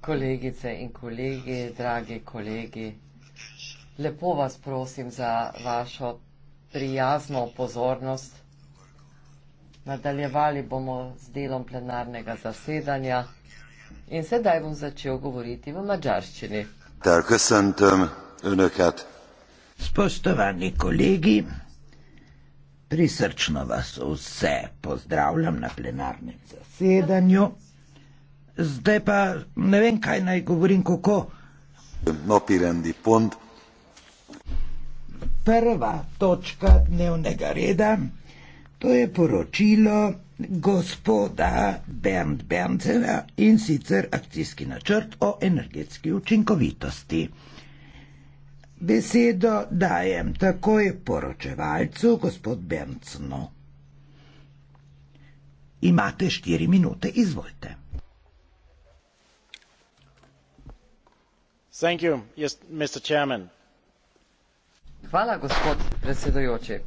Kolegice in kolegi, dragi kolegi, lepo vas prosim za vašo prijazno pozornost. Nadaljevali bomo z delom plenarnega zasedanja in sedaj bom začel govoriti v mađarščini. Spoštovani kolegi, prisrčno vas vse pozdravljam na plenarnem zasedanju. Zdaj pa ne vem, kaj naj govorim, kako. No, pirendi pond. Prva točka dnevnega reda, to je poročilo gospoda Bernd Bernceva in sicer akcijski načrt o energetski učinkovitosti. Besedo dajem takoj poročevalcu, gospod Bencno. Imate štiri minute, izvolite. You, Hvala, gospod predsedujoči.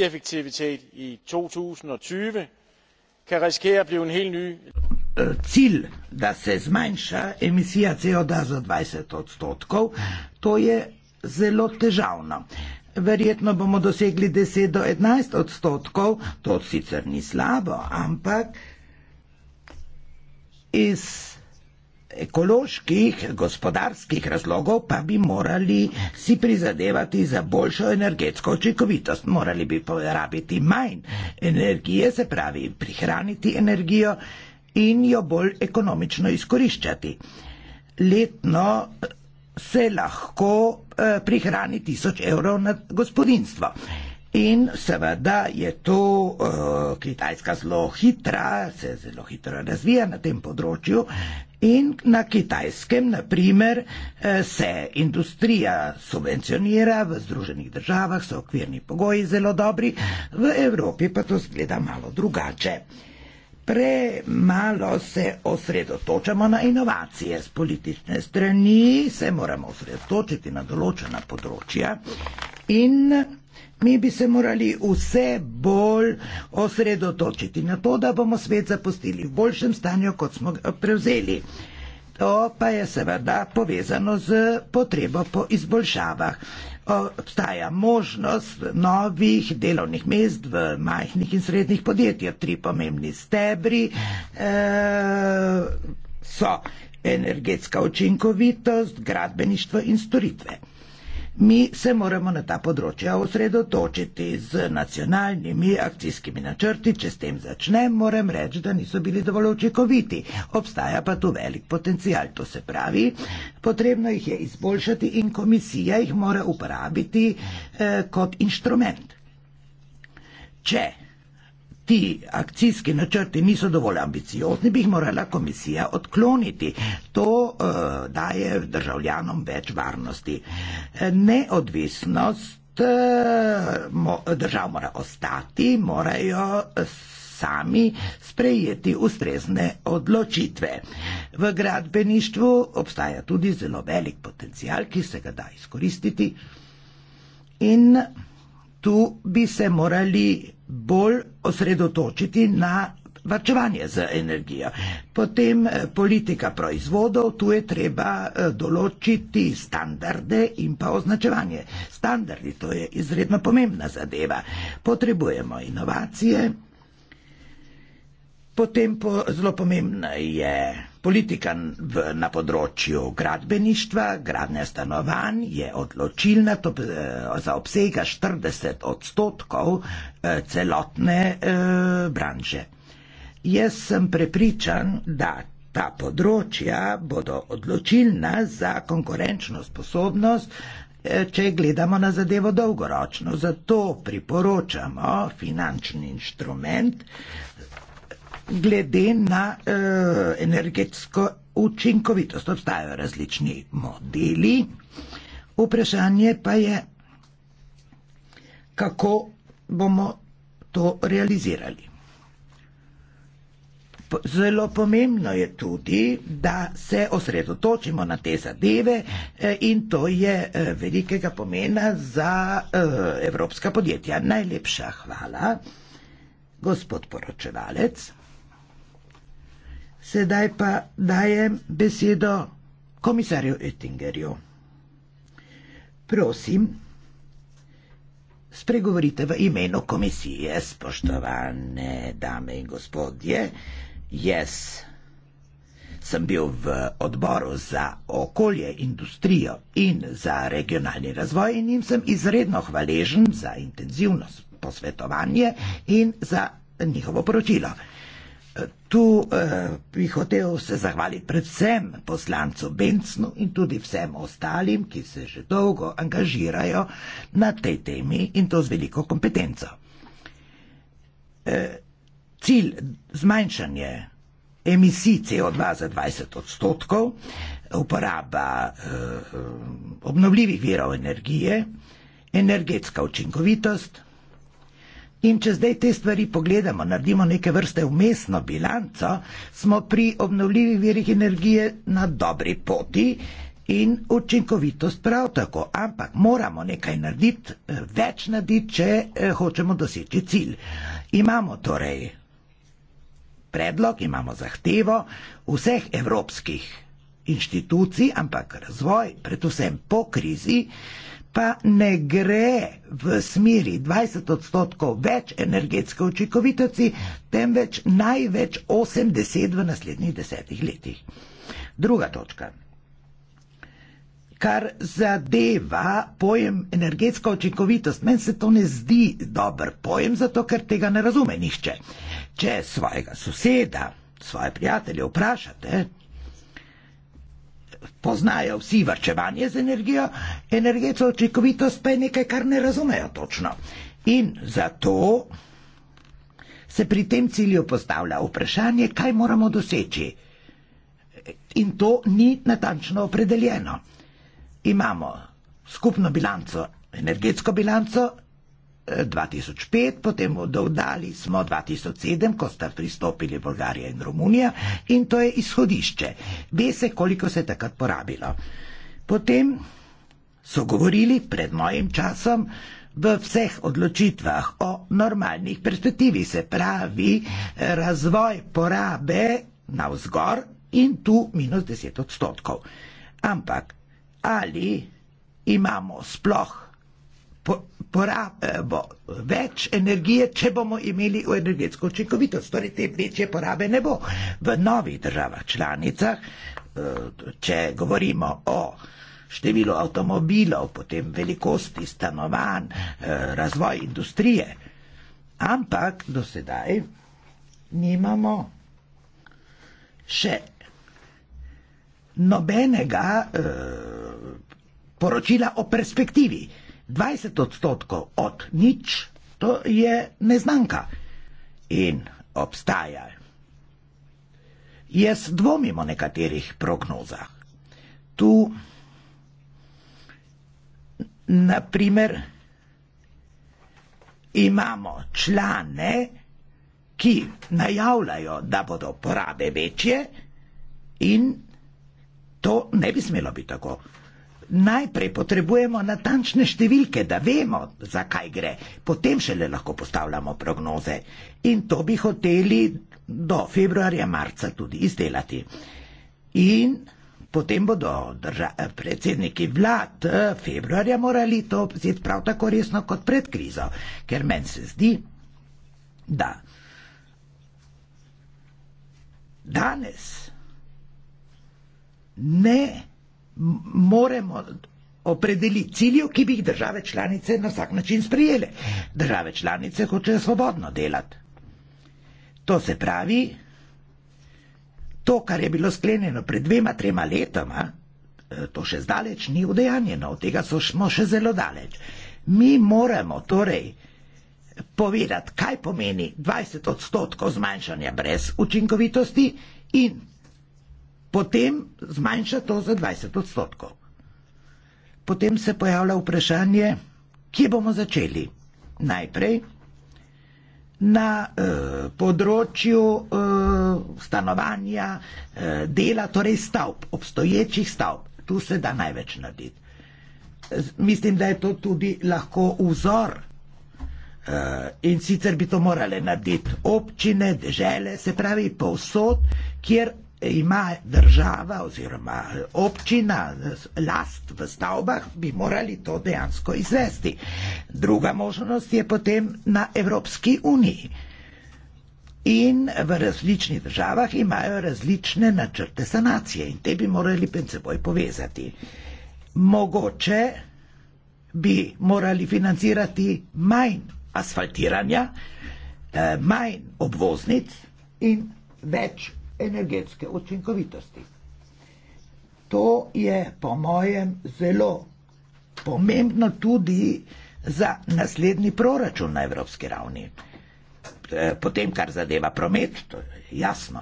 Efektivitet v 2020 kan riskirati biti en hel ny. Eh, cilj, da se zmanjša emisija CO2 za 20 odstotkov, to je zelo težavno. Verjetno bomo dosegli 10 do 11 odstotkov, to sicer ni slabo, ampak iz ekoloških, gospodarskih razlogov pa bi morali si prizadevati za boljšo energetsko očikovitost. Morali bi porabiti manj energije, se pravi prihraniti energijo in jo bolj ekonomično izkoriščati. Letno se lahko eh, prihrani tisoč evrov na gospodinstvo. In seveda je to uh, Kitajska zelo hitra, se zelo hitro razvija na tem področju in na Kitajskem, naprimer, eh, se industrija subvencionira, v Združenih državah so okvirni pogoji zelo dobri, v Evropi pa to zgleda malo drugače. Uh, premalo se osredotočamo na inovacije. Z politične strani se moramo osredotočiti na določena področja in mi bi se morali vse bolj osredotočiti na to, da bomo svet zapustili v boljšem stanju, kot smo ga prevzeli. To pa je seveda povezano z potrebo po izboljšavah obstaja možnost novih delovnih mest v majhnih in srednjih podjetjih. Tri pomembni stebri eh, so energetska učinkovitost, gradbeništvo in storitve. Mi se moramo na ta področja osredotočiti z nacionalnimi akcijskimi načrti. Če s tem začnem, moram reči, da niso bili dovolj očekoviti. Obstaja pa tu velik potencial. To se pravi, potrebno jih je izboljšati in komisija jih mora uporabiti eh, kot inštrument. Če ti akcijski načrti niso dovolj ambiciozni, bi jih morala komisija odkloniti. To uh, daje državljanom več varnosti. Neodvisnost uh, mo, držav mora ostati, morajo sami sprejeti ustrezne odločitve. V gradbeništvu obstaja tudi zelo velik potencial, ki se ga da izkoristiti. In tu bi se morali bolj osredotočiti na varčevanje z energijo. Potem eh, politika proizvodov, tu je treba eh, določiti standarde in pa označevanje. Standardi, to je izredno pomembna zadeva. Potrebujemo inovacije, potem po, zelo pomembna je Politikan v, na področju gradbeništva, gradnja stanovanj je odločilna top, eh, za obsega 40 odstotkov eh, celotne eh, branže. Jaz sem prepričan, da ta področja bodo odločilna za konkurenčno sposobnost, eh, če gledamo na zadevo dolgoročno. Zato priporočamo finančni inštrument, eh, glede na uh, energetsko učinkovitost. Obstajajo različni modeli. Vprašanje pa je, kako bomo to realizirali. Zelo pomembno je tudi, da se osredotočimo na te zadeve eh, in to je eh, velikega pomena za evropska podjetja. Najlepša hvala, gospod poročevalec. Sedaj pa dajem besedo komisarju Oettingerju. Prosim, spregovorite v imenu komisije, spoštovane dame in gospodje. Jaz sem bil v odboru za okolje, industrijo in za regionalni razvoj in jim sem izredno hvaležen za intenzivno posvetovanje in za njihovo poročilo. Tu eh, bi hotel se zahvaliti predvsem poslancu Bencu in tudi vsem ostalim, ki se že dolgo angažirajo na tej temi in to z veliko kompetenco. Eh, cilj zmanjšanje emisij CO2 za 20 odstotkov, uporaba eh, obnovljivih virov energije, energetska učinkovitost. In če zdaj te stvari pogledamo, naredimo neke vrste umestno bilanco, smo pri obnovljivih verih energije na dobri poti in učinkovitost prav tako. Ampak moramo nekaj narediti, eh, več narediti, če eh, hočemo doseči cilj. Imamo torej predlog, imamo zahtevo vseh evropskih inštitucij, ampak razvoj, predvsem po krizi, pa ne gre v smeri 20 odstotkov več energetske učinkovitosti, temveč največ 80 v naslednjih desetih letih. Druga točka. Kar zadeva pojem energetska učinkovitost, meni se to ne zdi dober pojem, zato ker tega ne razume nihče. Če svojega soseda, svoje prijatelje vprašate, poznajo vsi vrčevanje z energijo, energetsko očikovitost pa je nekaj, kar ne razumejo točno. In zato se pri tem cilju postavlja vprašanje, kaj moramo doseči. In to ni natančno opredeljeno. Imamo skupno bilanco, energetsko bilanco 2005, potem dodali smo 2007, ko sta pristopili Bolgarija in Romunija in to je izhodišče. Ve se, koliko se je takrat porabilo. Potem so govorili pred mojim časom v vseh odločitvah o normalnih perspektivi, se pravi razvoj porabe na vzgor in tu minus 10 odstotkov. Ampak ali imamo sploh porabo več energije, če bomo imeli energetsko učinkovitost. Torej, te večje porabe ne bo. V novih državah članicah, eh, če govorimo o številu avtomobilov, potem velikosti stanovanj, eh, razvoj industrije, ampak do sedaj nimamo še nobenega eh, poročila o perspektivi. 20 odstotkov od nič, to je neznanka. In obstaja. Jaz dvomim o nekaterih prognozah. Tu, naprimer, imamo člane, ki najavljajo, da bodo porabe večje, in to ne bi smelo biti tako. Najprej potrebujemo natančne številke, da vemo, zakaj gre, potem šele lahko postavljamo prognoze. In to bi hoteli do februarja, marca tudi izdelati. In potem bodo drža, predsedniki vlad eh, februarja morali to vzeti prav tako resno kot pred krizo, ker meni se zdi, da danes ne moramo opredeliti ciljev, ki bi jih države članice na vsak način sprijele. Države članice hočejo svobodno delati. To se pravi, to, kar je bilo sklenjeno pred dvema, trema letoma, eh, to še zdaleč ni udejanjeno, od tega smo še zelo daleč. Mi moramo torej povedati, kaj pomeni 20 odstotkov zmanjšanja brez učinkovitosti in potem zmanjša to za 20 odstotkov. Potem se pojavlja vprašanje, kje bomo začeli. Najprej na eh, področju eh, stanovanja, eh, dela, torej stavb, obstoječih stavb. Tu se da največ narediti. Mislim, da je to tudi lahko vzor eh, in sicer bi to morale narediti občine, dežele, se pravi povsod, kjer ima država oziroma eh, občina eh, last v stavbah, bi morali to dejansko izvesti. Druga možnost je potem na Evropski uniji. In v različnih državah imajo različne načrte sanacije in te bi morali med seboj povezati. Mogoče bi morali financirati manj asfaltiranja, eh, manj obvoznic in več energetske učinkovitosti. To je po mojem zelo pomembno tudi za naslednji proračun na evropski ravni. E, potem, kar zadeva promet, to je jasno.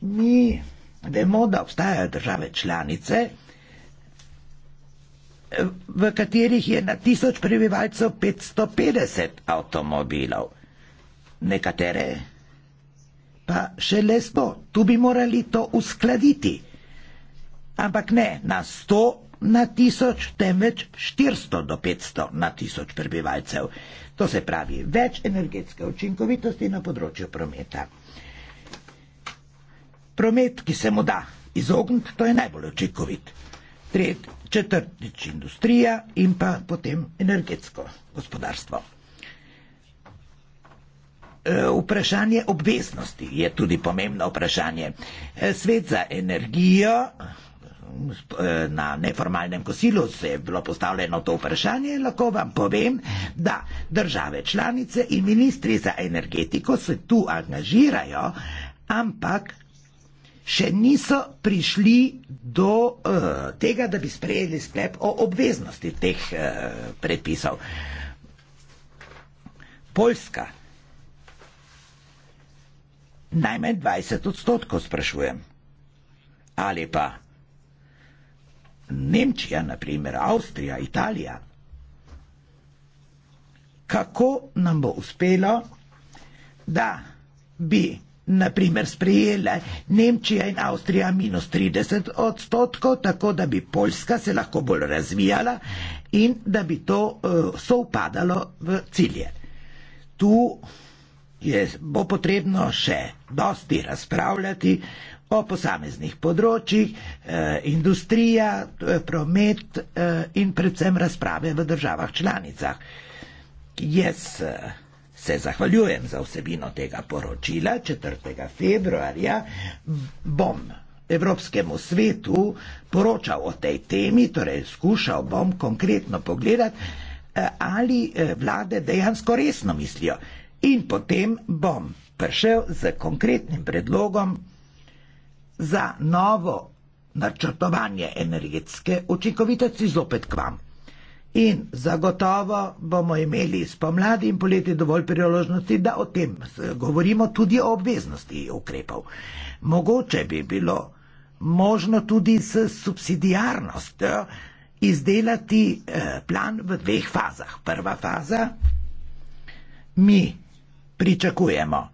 Mi vemo, da obstajajo države članice, v katerih je na tisoč prebivalcev 550 avtomobilov. Nekatere pa še le spo, tu bi morali to uskladiti. Ampak ne na sto na tisoč, temveč štiristo do petsto na tisoč prebivalcev. To se pravi več energetske učinkovitosti na področju prometa. Promet, ki se mu da izogniti, to je najbolj učinkovit. Tretjič, četrtič industrija in pa potem energetsko gospodarstvo. Eh, vprašanje obveznosti je tudi pomembno vprašanje. Eh, Svet za energijo eh, na neformalnem kosilu se je bilo postavljeno to vprašanje, lahko vam povem, da države članice in ministri za energetiko se tu angažirajo, ampak še niso prišli do uh, tega, da bi sprejeli sklep o obveznosti teh uh, predpisov. Poljska najmanj 20 odstotkov, sprašujem. Ali pa Nemčija, naprimer Avstrija, Italija. Kako nam bo uspelo, da bi naprimer sprejela Nemčija in Avstrija minus 30 odstotkov, tako da bi Poljska se lahko bolj razvijala in da bi to uh, eh, soupadalo v cilje. Tu je, bo potrebno še dosti razpravljati o posameznih področjih, eh, industrija, eh, promet eh, in predvsem razprave v državah članicah. Jaz eh, se zahvaljujem za vsebino tega poročila 4. februarja. Bom Evropskemu svetu poročal o tej temi, torej skušal bom konkretno pogledati, eh, ali eh, vlade dejansko resno mislijo. In potem bom prišel z konkretnim predlogom za novo načrtovanje energetske učinkovitosti zopet k vam. In zagotovo bomo imeli spomladi in poleti dovolj priložnosti, da o tem govorimo tudi o obveznosti ukrepov. Mogoče bi bilo možno tudi s subsidijarnostjo eh, izdelati eh, plan v dveh fazah. Prva faza, mi pričakujemo.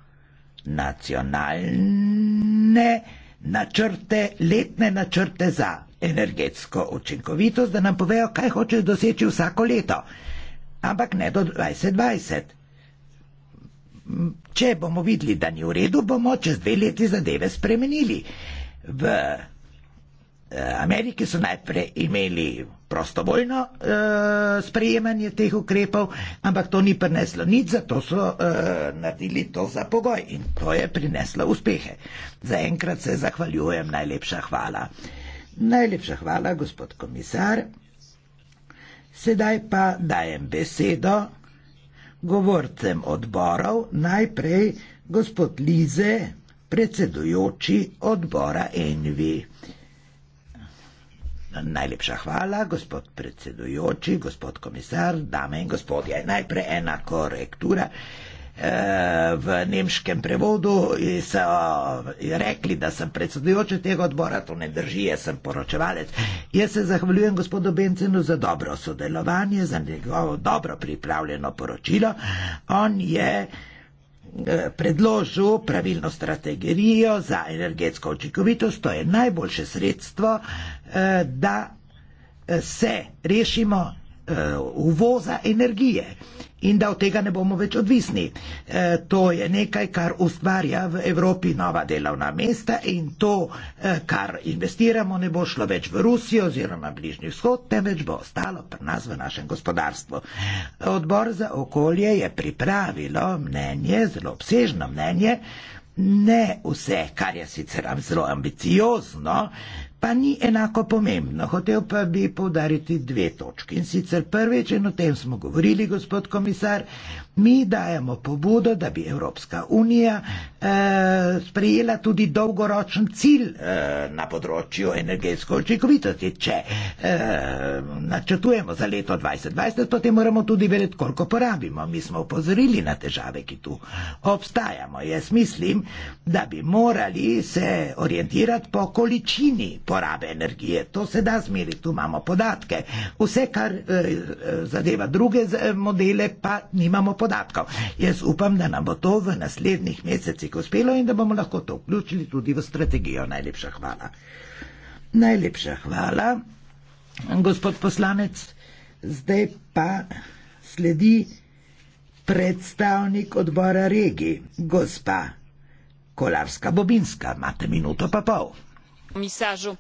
Nacionalne načrte, letne načrte za energetsko učinkovitost, da nam povejo, kaj hočejo doseči vsako leto. Ampak ne do 2020. Če bomo videli, da ni v redu, bomo čez dve leti zadeve spremenili. V Amerike so najprej imeli prostovoljno uh, sprejemanje teh ukrepov, ampak to ni prineslo nič, zato so uh, naredili to za pogoj in to je prineslo uspehe. Za enkrat se zahvaljujem, najlepša hvala. Najlepša hvala, gospod komisar. Sedaj pa dajem besedo govorcem odborov, najprej gospod Lize, predsedujoči odbora Envi. Najlepša hvala, gospod predsedujoči, gospod komisar, dame in gospodje. Najprej ena korektura. E, v nemškem prevodu so rekli, da sem predsedujoči tega odbora, to ne drži, jaz sem poročevalec. Jaz se zahvaljujem gospodu Bencenu za dobro sodelovanje, za njegovo dobro pripravljeno poročilo. On je eh, Eh, predložil pravilno strategijo za energetsko očikovitost. To je najboljše sredstvo, eh, da eh, se rešimo uh, uvoza energije in da od tega ne bomo več odvisni. E, to je nekaj, kar ustvarja v Evropi nova delovna mesta in to, e, kar investiramo, ne bo šlo več v Rusijo oziroma Bližnji vzhod, temveč bo ostalo pri nas v našem gospodarstvu. Odbor za okolje je pripravilo mnenje, zelo obsežno mnenje, ne vse, kar je sicer zelo ambiciozno, pa ni enako pomembno. Hotev pa bi povdariti dve točki. In sicer prvič, in o tem smo govorili, gospod komisar, Mi dajemo pobudo, da bi Evropska unija eh, sprejela tudi dolgoročen cilj eh, na področju energetske očekovitosti. Če eh, načrtujemo za leto 2020, potem moramo tudi vedeti, koliko porabimo. Mi smo upozorili na težave, ki tu obstajamo. Jaz mislim, da bi morali se orientirati po količini porabe energije. To se da zmeriti, tu imamo podatke. Vse, kar eh, eh zadeva druge eh, modele, pa nimamo podatke podatkov. Jaz upam, da nam bo to v naslednjih mesecih uspelo in da bomo lahko to vključili tudi v strategijo. Najlepša hvala. Najlepša hvala, gospod poslanec. Zdaj pa sledi predstavnik odbora regi, gospa Kolarska Bobinska. Imate minuto pa pol. Misažu,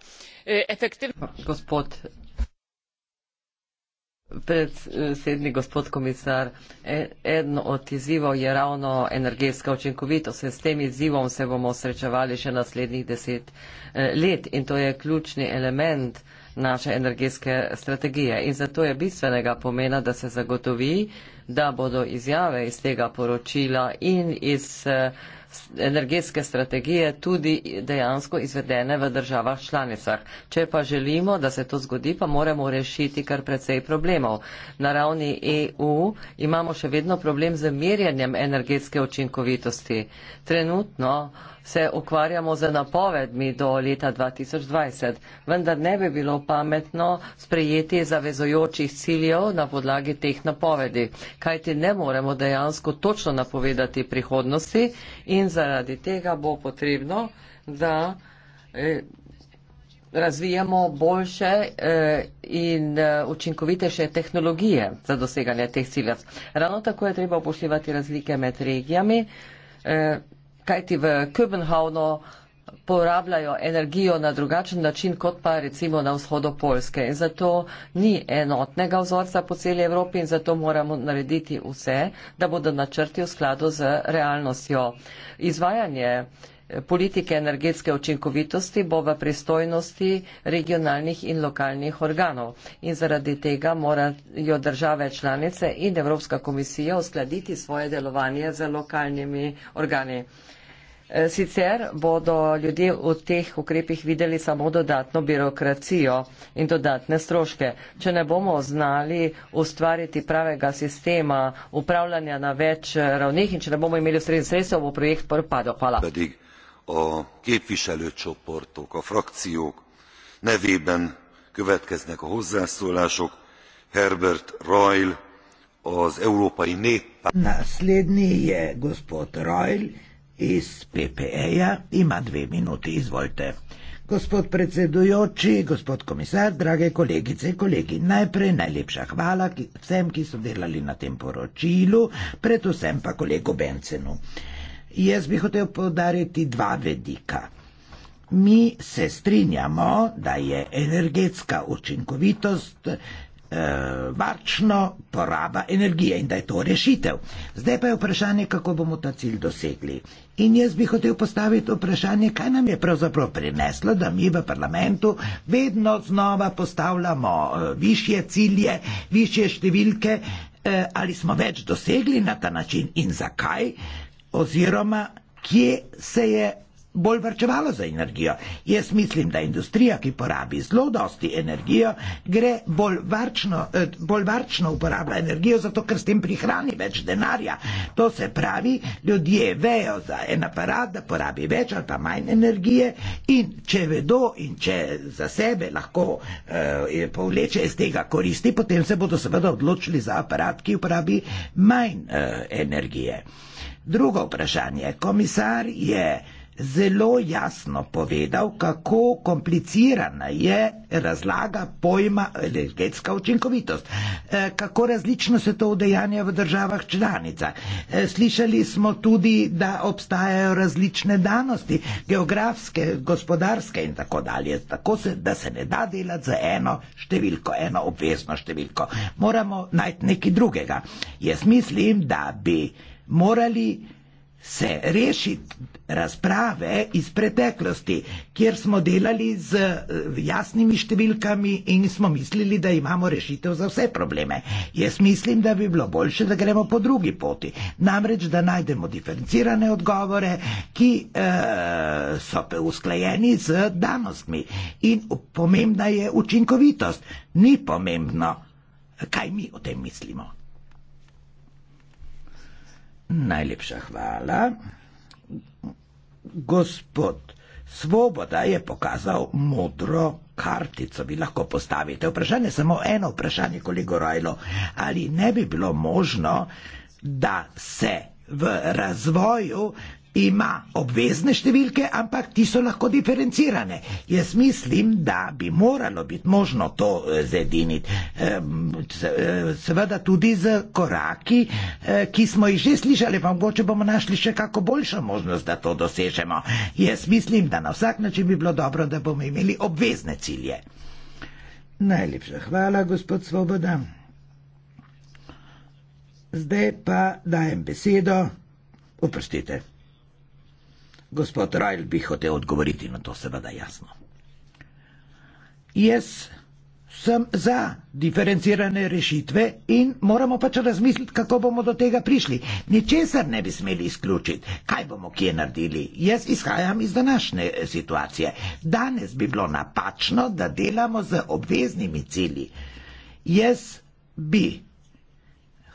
e, efektivno. Gospod Predsednik, gospod komisar, e, en od izzivov je ravno energetska učinkovitost. S tem izzivom se bomo srečevali še naslednjih deset e, let in to je ključni element naše energetske strategije. In zato je bistvenega pomena, da se zagotovi, da bodo izjave iz tega poročila in iz e, energetske strategije tudi dejansko izvedene v državah članicah. Če pa želimo, da se to zgodi, pa moramo rešiti kar precej problemov. Na ravni EU imamo še vedno problem z merjanjem energetske učinkovitosti. Trenutno se ukvarjamo z napovedmi do leta 2020, vendar ne bi bilo pametno sprejeti zavezojočih ciljev na podlagi teh napovedi, kajti ne moremo dejansko točno napovedati prihodnosti in In zaradi tega bo potrebno, da eh, razvijamo boljše eh, in eh, učinkovitejše tehnologije za doseganje teh ciljev. Ravno tako je treba upoštevati razlike med regijami, kajti v Kopenhavnu porabljajo energijo na drugačen način, kot pa recimo na vzhodu Polske. In zato ni enotnega vzorca po celi Evropi in zato moramo narediti vse, da bodo načrti v skladu z realnostjo. Izvajanje eh, politike energetske učinkovitosti bo v pristojnosti regionalnih in lokalnih organov. In zaradi tega morajo države članice in Evropska komisija uskladiti svoje delovanje z lokalnimi organi. E, sicer bodo ljudje v teh ukrepih videli samo dodatno birokracijo in dodatne stroške. Če ne bomo znali ustvariti pravega sistema upravljanja na več ravnih in če ne bomo imeli ustrezni sredstev, bo projekt propadel. Hvala. Pedig o képviselőcsoportok, a frakciók nevében következnek a hozzászólások. Herbert Reil, az Európai Néppárt. Naslednije, gospod Reil iz PPE-ja ima dve minuti. Izvolite. Gospod predsedujoči, gospod komisar, drage kolegice in kolegi, najprej najlepša hvala ki, vsem, ki so delali na tem poročilu, predvsem pa kolegu Bencenu. Jaz bi hotel podariti dva vedika. Mi se strinjamo, da je energetska učinkovitost eh, varčno poraba energije in da je to rešitev. Zdaj pa je vprašanje, kako bomo ta cilj dosegli. In jaz bi hotel postaviti vprašanje, kaj nam je pravzaprav prineslo, da mi v parlamentu vedno znova postavljamo eh, više cilje, više številke, eh, ali smo več dosegli na ta način in zakaj, oziroma kje se je bolj vrčevalo za energijo. Jaz mislim, da industrija, ki porabi zelo dosti energijo, gre bolj varčno, eh, bolj varčno uporablja energijo, zato ker s tem prihrani več denarja. To se pravi, ljudje vejo za en aparat, da porabi več ali pa manj energije in če vedo in če za sebe lahko eh, povleče iz tega koristi, potem se bodo seveda odločili za aparat, ki uporabi manj eh, energije. Drugo vprašanje. Komisar je zelo jasno povedal, kako komplicirana je razlaga pojma energetska učinkovitost, e, kako različno se to udejanja v državah članica. E, slišali smo tudi, da obstajajo različne danosti, geografske, gospodarske in tako dalje, tako se, da se ne da delati za eno številko, eno obvezno številko. Moramo najti nekaj drugega. Jaz mislim, da bi morali se rešiti razprave iz preteklosti, kjer smo delali z eh, jasnimi številkami in smo mislili, da imamo rešitev za vse probleme. Jaz mislim, da bi bilo boljše, da gremo po drugi poti, namreč da najdemo diferencirane odgovore, ki uh, so pa usklajeni z danostmi. In pomembna je učinkovitost, ni pomembno, kaj mi o tem mislimo. Najlepša hvala. Gospod Svoboda je pokazal modro kartico. Vi lahko postavite vprašanje, samo eno vprašanje, kolego Rajlo. Ali ne bi bilo možno, da se v razvoju ima obvezne številke, ampak ti so lahko diferencirane. Jaz mislim, da bi moralo biti možno to eh, zediniti. Eh, seveda tudi z koraki, eh, ki smo jih že slišali, pa mogoče bomo našli še kako boljšo možnost, da to dosežemo. Jaz mislim, da na vsak način bi bilo dobro, da bomo imeli obvezne cilje. Najlepša hvala, gospod Svoboda. Zdaj pa dajem besedo. Oprostite. Gospod Rajl bi hotel odgovoriti na to, seveda jasno. Jaz sem za diferencirane rešitve in moramo pač razmisliti, kako bomo do tega prišli. Ničesar ne bi smeli izključiti, kaj bomo kje naredili. Jaz izhajam iz današnje eh, situacije. Danes bi bilo napačno, da delamo z obveznimi cili. Jaz bi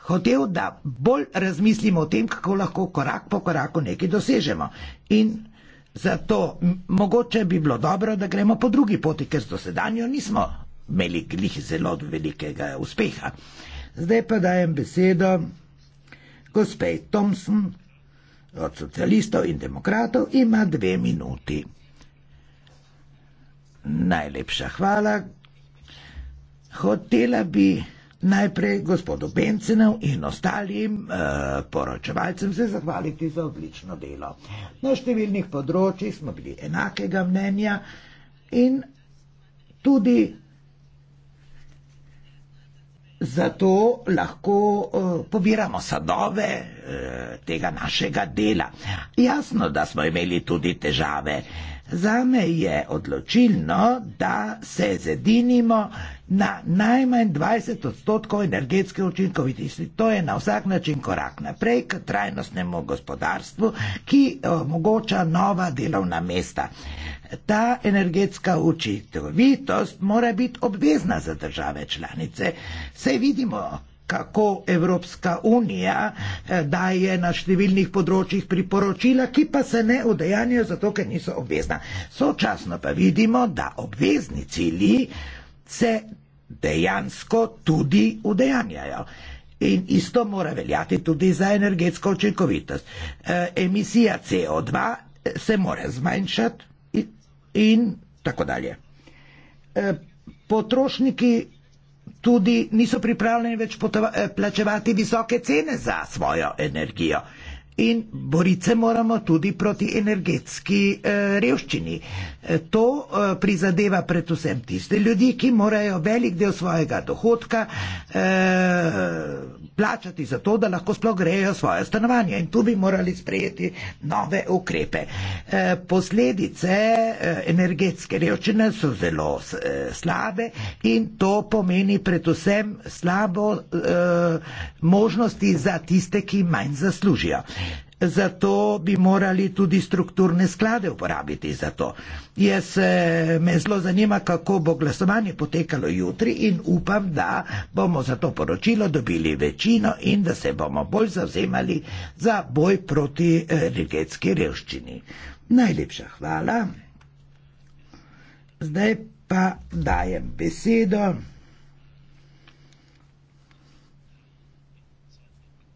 hotel, da bolj razmislimo o tem, kako lahko korak po koraku nekaj dosežemo. In zato mogoče bi bilo dobro, da gremo po drugi poti, ker s dosedanjo nismo imeli glih zelo velikega uspeha. Zdaj pa dajem besedo gospej Thompson od socialistov in demokratov, ima dve minuti. Najlepša hvala. Hotela bi najprej gospodu Bencenov in ostalim eh, poročevalcem se zahvaliti za odlično delo. Na številnih področjih smo bili enakega mnenja in tudi zato lahko eh, pobiramo sadove eh, tega našega dela. Jasno, da smo imeli tudi težave. Eh, Zame je odločilno, da se zedinimo na najmanj 20 odstotkov energetske učinkovitosti. To je na vsak način korak naprej k trajnostnemu gospodarstvu, ki omogoča nova delovna mesta. Ta energetska učinkovitost mora biti obvezna za države članice. Se vidimo, kako Evropska unija eh, daje na številnih področjih priporočila, ki pa se ne odejanjajo zato, ker niso obvezna. Sočasno pa vidimo, da obvezni cilji se dejansko tudi udejanjajo. In isto mora veljati tudi za energetsko očekovitost. Eh, emisija CO2 eh, se mora zmanjšati in tako dalje. Potrošniki tudi niso pripravljeni več eh, plačevati visoke cene za svojo energijo. In boriti se moramo tudi proti energetski eh, revščini. Eh, to prizadeva predvsem tiste ljudi, ki morajo velik del svojega dohodka plačati za to, da lahko sploh grejo svoje stanovanje in tu bi morali sprejeti nove ukrepe. Eh, posledice eh, energetske revščine so zelo eh, slabe in to pomeni predvsem slabo možnosti za tiste, ki manj zaslužijo. Zato bi morali tudi strukturne sklade uporabiti za to. Jaz eh, me zelo zanima, kako bo glasovanje potekalo jutri in upam, da bomo za to poročilo dobili večino in da se bomo bolj zavzemali za boj proti eh, regetski revščini. Najlepša hvala. Zdaj pa dajem besedo.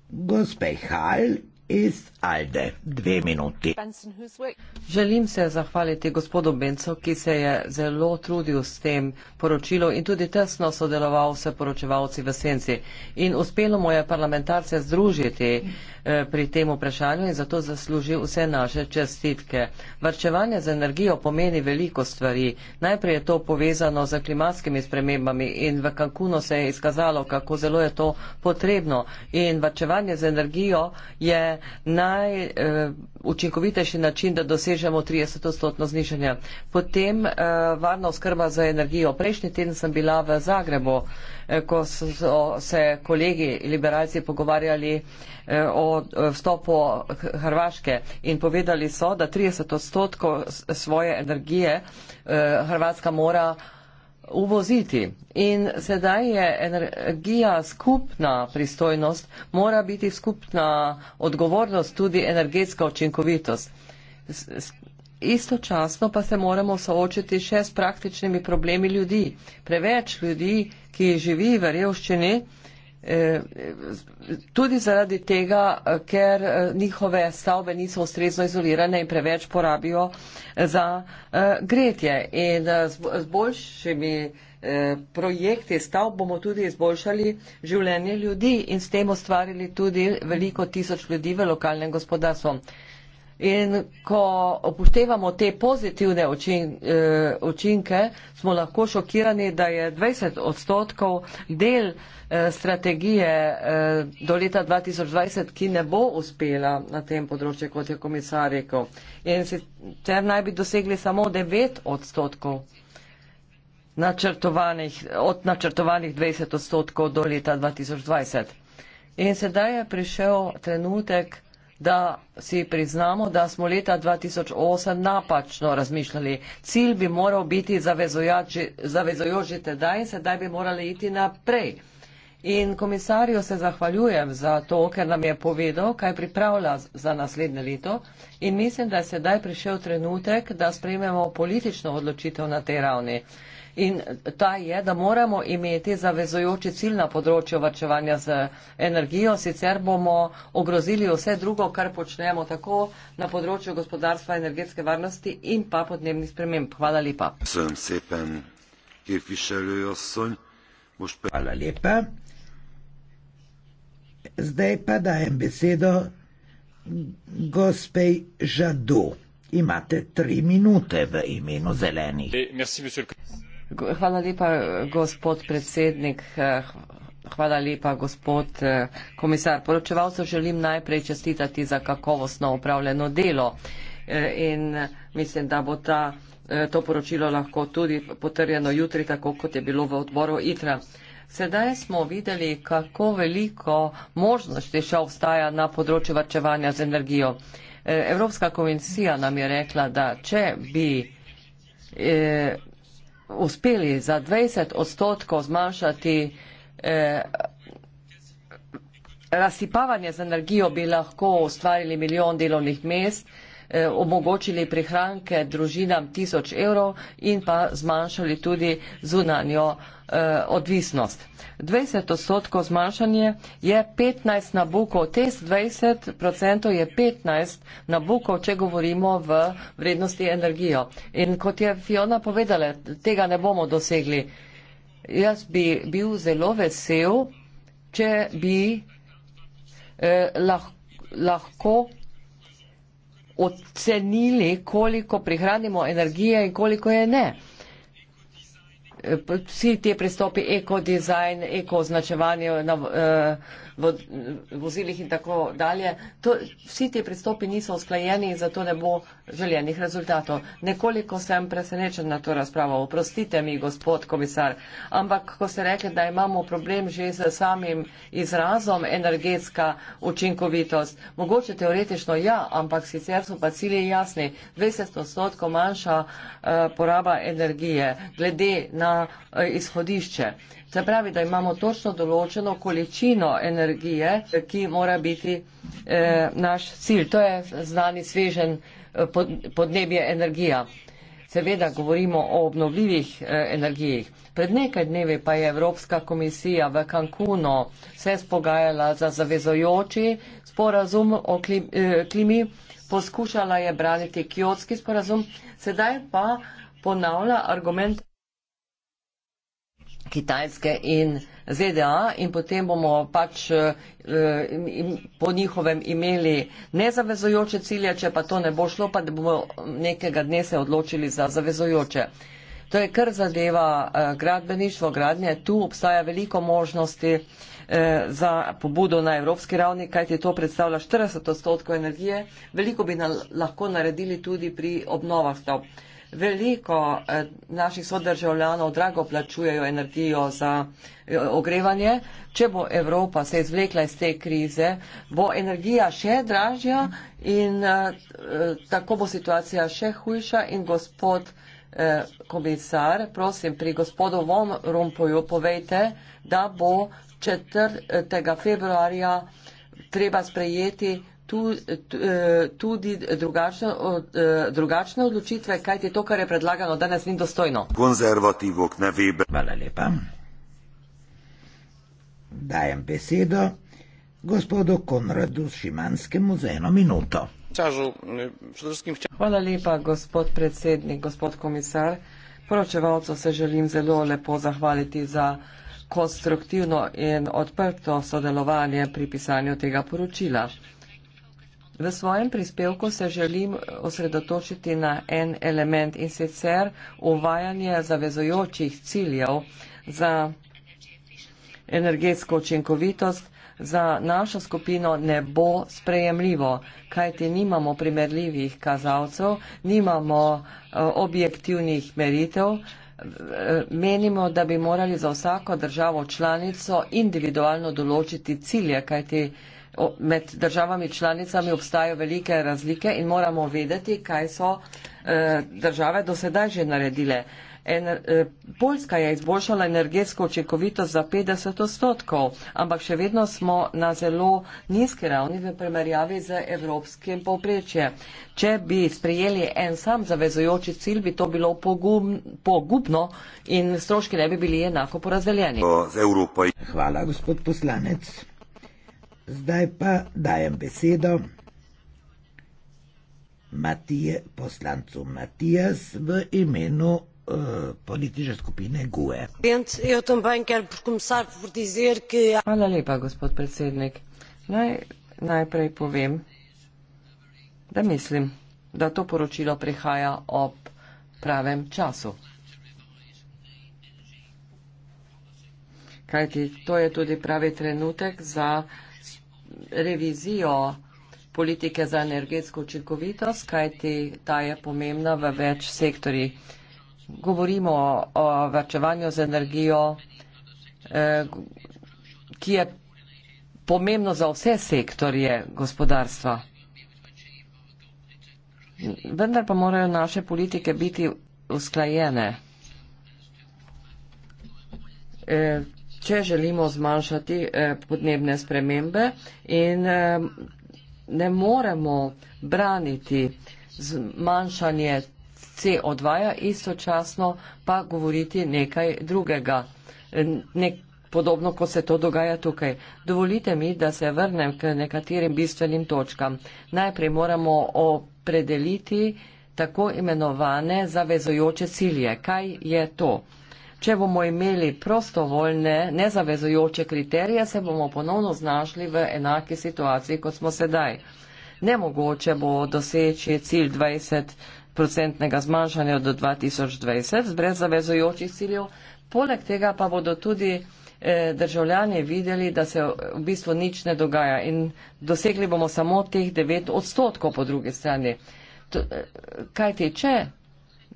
Gospej Hal iz Alde, dve minuti. Želim se zahvaliti gospodu Bencu, ki se je zelo trudil s tem poročilo in tudi tesno sodeloval s poročevalci v senci. In uspelo mu je parlamentarce združiti eh, pri tem vprašanju in zato zasluži vse naše čestitke. Varčevanje z energijo pomeni veliko stvari. Najprej je to povezano z klimatskimi spremembami in v Kankuno se je izkazalo, kako zelo je to potrebno. In varčevanje z energijo je naj najučinkovitejši uh, način, da dosežemo 30 odstotno znižanje. Potem uh, varna oskrba za energijo. Prejšnji teden sem bila v Zagrebu, eh, ko so, so se kolegi liberalci pogovarjali eh, o eh, vstopu Hrvaške in povedali so, da 30 odstotkov svoje energije eh, Hrvatska mora uvoziti. In sedaj je energija skupna pristojnost, mora biti skupna odgovornost tudi energetska očinkovitost. Istočasno pa se moramo soočiti še s praktičnimi problemi ljudi. Preveč ljudi, ki živi v revščini, Eh, tudi zaradi tega, eh, ker eh, njihove stavbe niso ustrezno izolirane in preveč porabijo za gretje. In z boljšimi projekti stavb bomo tudi izboljšali življenje ljudi in s tem ustvarili tudi veliko tisoč ljudi v lokalnem gospodarstvu. In ko upoštevamo te pozitivne učin, eh, učinke, smo lahko šokirani, da je 20 odstotkov del eh, strategije eh, do leta 2020, ki ne bo uspela na tem področju, kot je komisar rekel. In sicer naj bi dosegli samo 9 odstotkov načrtovanih, od načrtovanih 20 odstotkov do leta 2020. In sedaj je prišel trenutek, da si priznamo, da smo leta 2008 napačno razmišljali. Cilj bi moral biti zavezojoči tedaj in sedaj bi morali iti naprej. In komisarju se zahvaljujem za to, ker nam je povedal, kaj pripravlja za naslednje leto in mislim, da je sedaj prišel trenutek, da sprejmemo politično odločitev na tej ravni. In ta je, da moramo imeti zavezojoči cilj na področju vrčevanja z energijo, sicer bomo ogrozili vse drugo, kar počnemo tako na področju gospodarstva, energetske varnosti in pa podnebnih sprememb. Hvala lepa. Hvala lepa. Zdaj pa dajem besedo gospej Žadu. Imate tri minute v imenu zelenih. E, merci, Hvala lepa, gospod predsednik. Hvala lepa, gospod komisar. Poročevalcu želim najprej čestitati za kakovostno upravljeno delo in mislim, da bo ta, to poročilo lahko tudi potrjeno jutri, tako kot je bilo v odboru ITRA. Sedaj smo videli, kako veliko možnosti še obstaja na področju varčevanja z energijo. Evropska komisija nam je rekla, da če bi eh, uspeli za 20 odstotkov zmanjšati eh, razsipavanje z energijo, bi lahko ustvarili milijon delovnih mest. Eh, Eh, omogočili prihranke družinam tisoč evrov in pa zmanjšali tudi zunanjo eh, odvisnost. 20 odstotkov zmanjšanje je 15 nabukov, test 20 odstotkov je 15 nabukov, če govorimo v vrednosti energijo. In kot je Fiona povedala, tega ne bomo dosegli. Jaz bi bil zelo vesel, če bi eh, lahko, lahko ocenili, koliko prihranimo energije in koliko je ne. Vsi ti pristopi, ekodizajn, ekoznačevanje, uh, v vozilih in tako dalje. To, vsi ti pristopi niso usklajeni in zato ne bo željenih rezultatov. Nekoliko sem presenečen na to razpravo. Oprostite mi, gospod komisar, ampak ko ste rekli, da imamo problem že z samim izrazom energetska učinkovitost, mogoče teoretično ja, ampak sicer so pa cilji jasni. 20% manjša uh, poraba energije glede na uh, izhodišče. Uh, Se pravi, da imamo točno določeno količino energije, ki mora biti eh, naš cilj. To je znani svežen eh, pod, podnebje energija. Seveda govorimo o obnovljivih eh, energijih. Pred nekaj dnevi pa je Evropska komisija v Cancuno se spogajala za zavezojoči sporazum o klim, eh, klimi, poskušala je braniti kiotski sporazum, sedaj pa ponavlja argument. Kitajske in ZDA in potem bomo pač eh, po njihovem imeli nezavezojoče cilje, če pa to ne bo šlo, pa da bomo nekega dne se odločili za zavezojoče. To je kar zadeva eh, gradbeništvo, gradnje. Tu obstaja veliko možnosti eh, za pobudo na evropski ravni, kajti to predstavlja 40 odstotkov energije. Veliko bi lahko naredili tudi pri obnovah stavb veliko eh, naših sodržavljanov drago plačujejo energijo za eh, ogrevanje. Če bo Evropa se izvlekla iz te krize, bo energija še dražja in eh, tako bo situacija še hujša in gospod komisar, prosim, pri gospodu Von Rompuju povejte, da bo 4. februarja treba sprejeti Eh, tudi drugačne, eh, drugačne odločitve, kajti to, kar je predlagano danes, ni dostojno. Hvala lepa. Dajem besedo gospodu Konradu Šimanskemu za eno minuto. Eh, Hvala lepa, gospod predsednik, gospod komisar. Poročevalcu se želim zelo lepo zahvaliti za konstruktivno in odprto sodelovanje pri pisanju tega poročila. V svojem prispevku se želim osredotočiti na en element in sicer uvajanje zavezojočih ciljev za energetsko učinkovitost za našo skupino ne bo sprejemljivo, kajti nimamo primerljivih kazalcev, nimamo eh, objektivnih meritev, menimo, da bi morali za vsako državo članico individualno določiti cilje, kajti med državami članicami obstajajo velike razlike in moramo vedeti, kaj so eh, države do sedaj že naredile. Ener, eh, Poljska je izboljšala energetsko očekovitost za 50 odstotkov, ampak še vedno smo na zelo nizki ravni v primerjavi z evropskim povprečjem. Če bi sprejeli en sam zavezojoči cilj, bi to bilo pogum, pogubno in stroški ne bi bili enako porazdeljeni. Hvala, gospod poslanec. Zdaj pa dajem besedo Matije, poslancu Matijas v imenu eh, politične skupine GUE. E. Hvala lepa, gospod predsednik. Naj najprej povem, da mislim, da to poročilo prihaja ob pravem času. Kajti to je tudi pravi trenutek za revizijo politike za energetsko učinkovitost, kajti ta je pomembna v več sektori. Govorimo o vrčevanju z energijo, eh, ki je pomembno za vse sektorje gospodarstva. Vendar pa morajo naše politike biti usklajene. Eh, če želimo zmanjšati eh, podnebne spremembe in eh, ne moremo braniti zmanjšanje CO2, istočasno pa govoriti nekaj drugega. Nek podobno, ko se to dogaja tukaj. Dovolite mi, da se vrnem k nekaterim bistvenim točkam. Najprej moramo opredeliti tako imenovane zavezojoče cilje. Kaj je to? Če bomo imeli prostovoljne, nezavezujoče kriterije, se bomo ponovno znašli v enaki situaciji, kot smo sedaj. Nemogoče bo doseči cilj 20-procentnega zmanjšanja do 2020 brez zavezujočih ciljev, poleg tega pa bodo tudi eh, državljani videli, da se v bistvu nič ne dogaja in dosegli bomo samo teh 9 odstotkov po drugi strani. Eh, Kaj ti če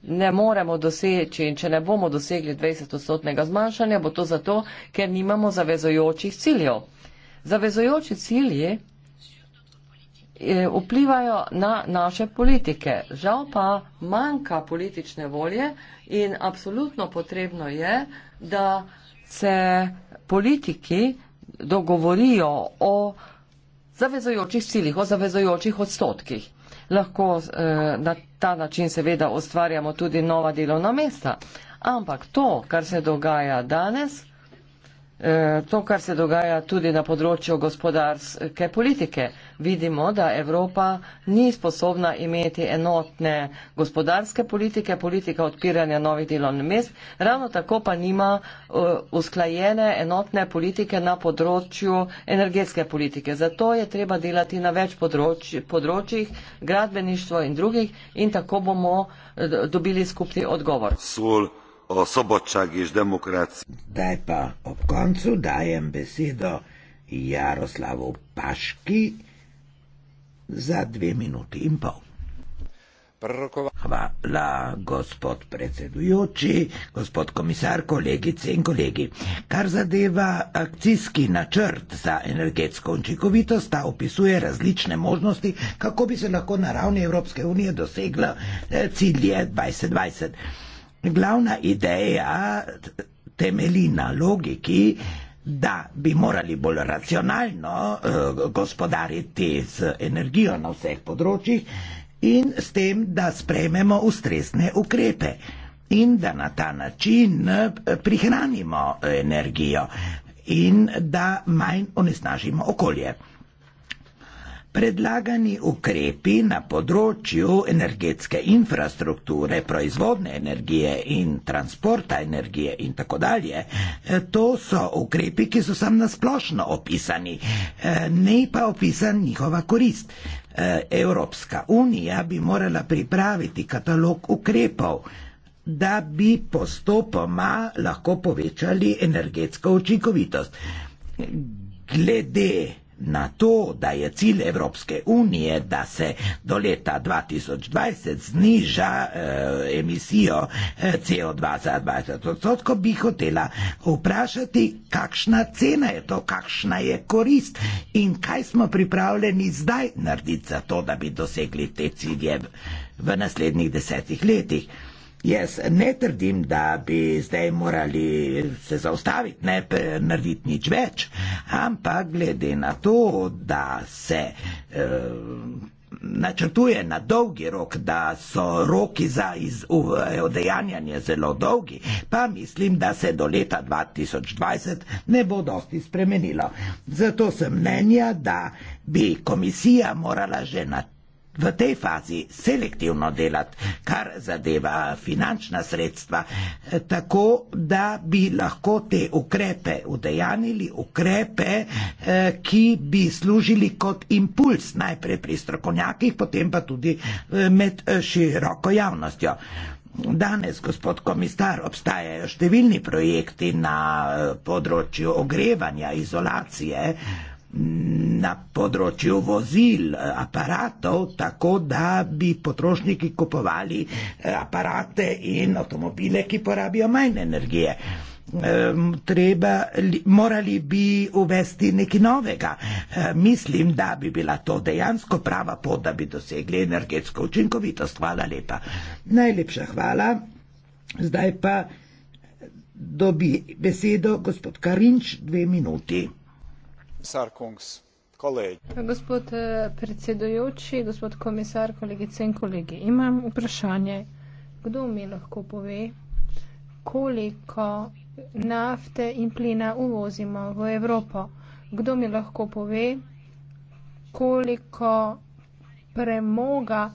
ne moremo doseči in če ne bomo dosegli 20-odstotnega zmanjšanja, bo to zato, ker nimamo zavezojočih ciljev. Zavezojoči cilji eh, vplivajo na naše politike. Žal pa manjka politične volje in absolutno potrebno je, da se politiki dogovorijo o zavezojočih ciljih, o zavezojočih odstotkih lahko eh, na ta način seveda ustvarjamo tudi nova delovna mesta. Ampak to, kar se dogaja danes, Eh, to, kar se dogaja tudi na področju gospodarske politike. Vidimo, da Evropa ni sposobna imeti enotne gospodarske politike, politika odpiranja novih delovnih mest, ravno tako pa nima eh, usklajene enotne politike na področju energetske politike. Zato je treba delati na več področj, področjih, gradbeništvo in drugih in tako bomo eh, dobili skupni odgovor. Svol o svobodi in demokraciji. Zdaj pa ob koncu dajem besedo Jaroslavu Paški za dve minuti in pol. Hvala, gospod predsedujoči, gospod komisar, kolegice in kolegi. Kar zadeva akcijski načrt za energetsko učinkovitost, ta opisuje različne možnosti, kako bi se lahko na ravni Evropske unije dosegla eh, cilje 2020. Glavna ideja temelji na logiki, da bi morali bolj racionalno eh, gospodariti z energijo na vseh področjih in s tem, da sprejmemo ustrezne ukrepe in da na ta način eh, prihranimo energijo in da manj onesnažimo okolje. Predlagani ukrepi na področju energetske infrastrukture, proizvodne energije in transporta energije in tako dalje, eh, to so ukrepi, ki so sam nasplošno opisani, eh, ne pa opisan njihova korist. Eh, Evropska unija bi morala pripraviti katalog ukrepov, da bi postopoma lahko povečali energetsko učinkovitost. Glede Na to, da je cilj Evropske unije, da se do leta 2020 zniža eh, emisijo eh, CO2 za 20 odstotkov, bi hotela vprašati, kakšna cena je to, kakšna je korist in kaj smo pripravljeni zdaj narediti za to, da bi dosegli te cilje v naslednjih desetih letih. Jaz ne trdim, da bi zdaj morali se zaustaviti, ne narediti nič več, ampak glede na to, da se e, načrtuje na dolgi rok, da so roki za izvajanje zelo dolgi, pa mislim, da se do leta 2020 ne bo dosti spremenilo. Zato sem mnenja, da bi komisija morala že na v tej fazi selektivno delati, kar zadeva finančna sredstva, eh, tako da bi lahko te ukrepe udejanili, ukrepe, eh, ki bi služili kot impuls najprej pri strokovnjakih, potem pa tudi eh, med široko javnostjo. Danes, gospod komisar, obstajajo številni projekti na področju ogrevanja, izolacije, na področju vozil, eh, aparatov, tako da bi potrošniki kupovali eh, aparate in avtomobile, ki porabijo manj energije. Treba, morali bi uvesti nekaj novega. Eh, mislim, da bi bila to dejansko prava pot, da bi dosegli energetsko učinkovitost. Hvala lepa. Najlepša hvala. Zdaj pa dobi besedo gospod Karinč, dve minuti. Gospod eh, predsedujoči, gospod komisar, kolegice in kolegi, imam vprašanje, kdo mi lahko pove, koliko nafte in plina uvozimo v Evropo? Kdo mi lahko pove, koliko premoga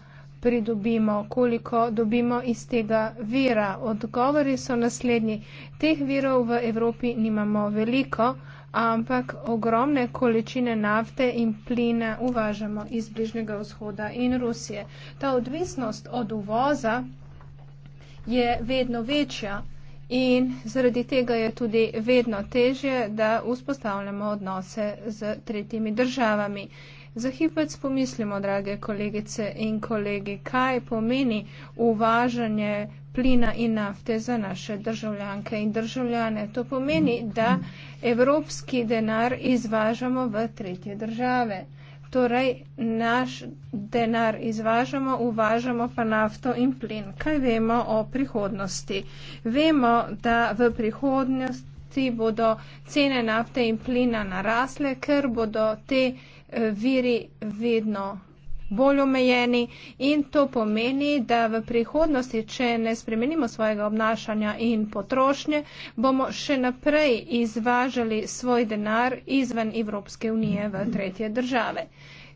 pridobimo, koliko dobimo iz tega vira? Odgovori so naslednji. Teh virov v Evropi nimamo veliko, ampak ogromne količine nafte in plina uvažamo iz Bližnjega vzhoda in Rusije. Ta odvisnost od uvoza je vedno večja in zaradi tega je tudi vedno težje, da vzpostavljamo odnose z tretjimi državami. Za hipec pomislimo, drage kolegice in kolegi, kaj pomeni uvažanje plina in nafte za naše državljanke in državljane. To pomeni, da evropski denar izvažamo v tretje države. Torej, naš denar izvažamo, uvažamo pa nafto in plin. Kaj vemo o prihodnosti? Vemo, da v prihodnosti bodo cene nafte in plina narasle, ker bodo te eh, viri vedno bolj omejeni in to pomeni, da v prihodnosti, če ne spremenimo svojega obnašanja in potrošnje, bomo še naprej izvažali svoj denar izven Evropske unije v tretje države.